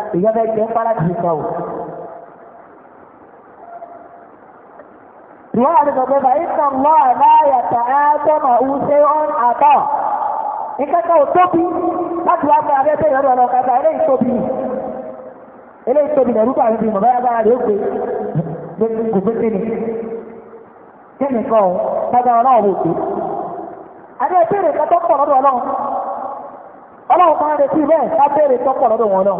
èèyàn bẹ́ẹ̀ jẹ́ fara ti kan o. Ìwọ́n àti gbogbo bá ìtàn lọ́ àláyà tàá tó mà ń ṣe ọ́n àtọ̀. Ìkẹ́kẹ́ ò tóbi láti wá fún abẹ́tẹ̀ ìrọ̀rùn ọ̀nà ọ̀kadà eléyìí tóbi. Eléyìí tóbi lẹ̀rú pàrọ̀ bí mọ̀báyá bá rẹ̀ ó pé kò pé kíni. Kíni kan o, tágbà ọlọ́run ò pé. Adé ìbéèrè kan tó pọ̀ lọ́dọ̀ ọlọ́run. Ọlọ́run máa ń retí bẹ́ẹ̀ ká béèrè tó pọ̀ lọ́dọ̀ wọn náà.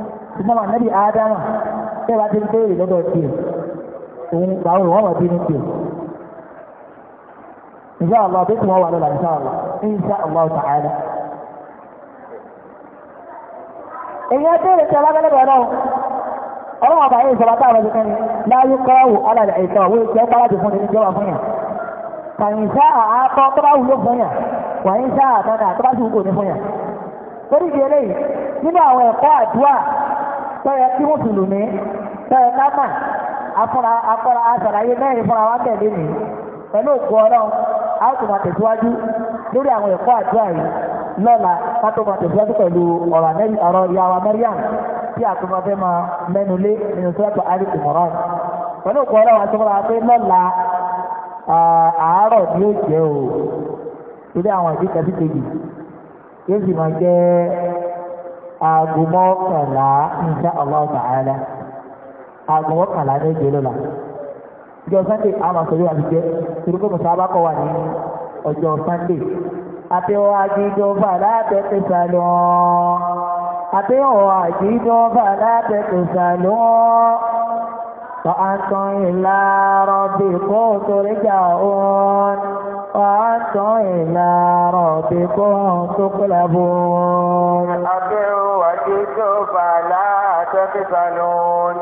ṣùgbọ́n wà nẹ́bí ádámà tẹ́ bá ti ń béèrè lọ́dọ̀ tiẹ̀ òun làwọn òun wà bínú tiẹ̀ insha Allah wọ́n wà lọ́la insha Allah ta'ala. èèyàn béèrè tí alágbẹ́lẹ́bẹ̀ náà ọlọ́run ọba yìí sọ̀rọ̀ táwọn ọ̀sẹ̀ kẹ́ni láyé kọ́wù alàlẹ̀ àìsàn àwọn èèyàn bá láti fún ní ìjọba fún yàn. kàyìnṣá àákọ́ tó bá wúlò fún yàn wàyíṣá àtàkà tó bá sì wúlò ní fún yàn. torí ìdí eléyìí nínú àwọn tọ́yẹ kí mùsùlùmí tọ́yẹ kámà afúnra akọ́ra aṣàlàyé mẹ́rin fúnra wa tẹ̀lé mi pẹ̀lú òkú ọlọ́run a ó tún máa tẹ̀síwájú lórí àwọn ẹ̀kọ́ àdúrà yìí lọ́la ká tó máa tẹ̀síwájú pẹ̀lú ọ̀rọ̀ ìyàwó Maryam tí a tún máa fẹ́ máa mẹ́nu lé nínú sọ́ọ̀tù Ali Imran pẹ̀lú òkú ọlọ́run àti múra pé lọ́la àárọ̀ ni ó jẹ́ o lórí àwọn ìdí aago mọ́kànlá insha Allah ta'ala aago mọ́kànlá ní ìjẹ́ lọ́la ọjọ́ sunday a máa sọ̀rọ̀ àbíjẹ́ torípé mùsàlá kọ̀ wà ní ọjọ́ sunday àtẹ̀wọ̀ àjíjọba aláàbẹ̀tẹ̀ sàlọ́ àtẹ̀wọ̀ àjíjọba aláàbẹ̀tẹ̀ sàlọ́ tọ́ àtọ̀ ìlà rọ̀bì kó torí jà òun. وأنتم إلى ربكم تقلبون أطيعوا وجدوا فلا تقبلون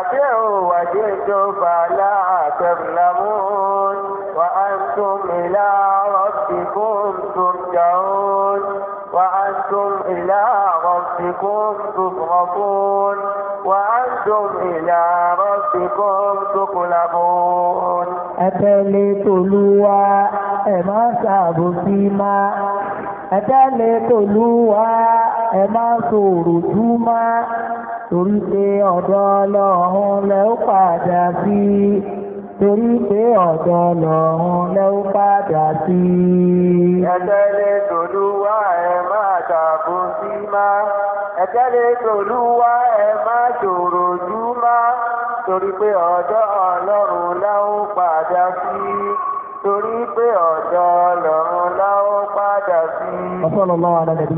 أطيعوا وجدوا فلا تظلمون وأنتم إلى ربكم ترجعون وأنتم إلى ربكم تصرفون أنتم إلى ربكم تقلبون أتلي تلوى أما سابو سيما أتلي تلوى أما سورو جوما torí pé ọ̀dọ̀ ọlọ́run lẹ ó padà sí torí pé ọ̀dọ̀ ọlọ́run lẹ ó padà sí. ẹ̀tẹ́lẹ̀ tòlúwà ẹ̀ máa tàbí sí máa ẹ̀tẹ́lẹ̀ tòlúwa ẹ má ṣòro jú torí pé ọ̀dọ̀ ọlọ́run láwọn padà sí torí pé ọ̀dọ̀ ọlọ́run láwọn padà sí.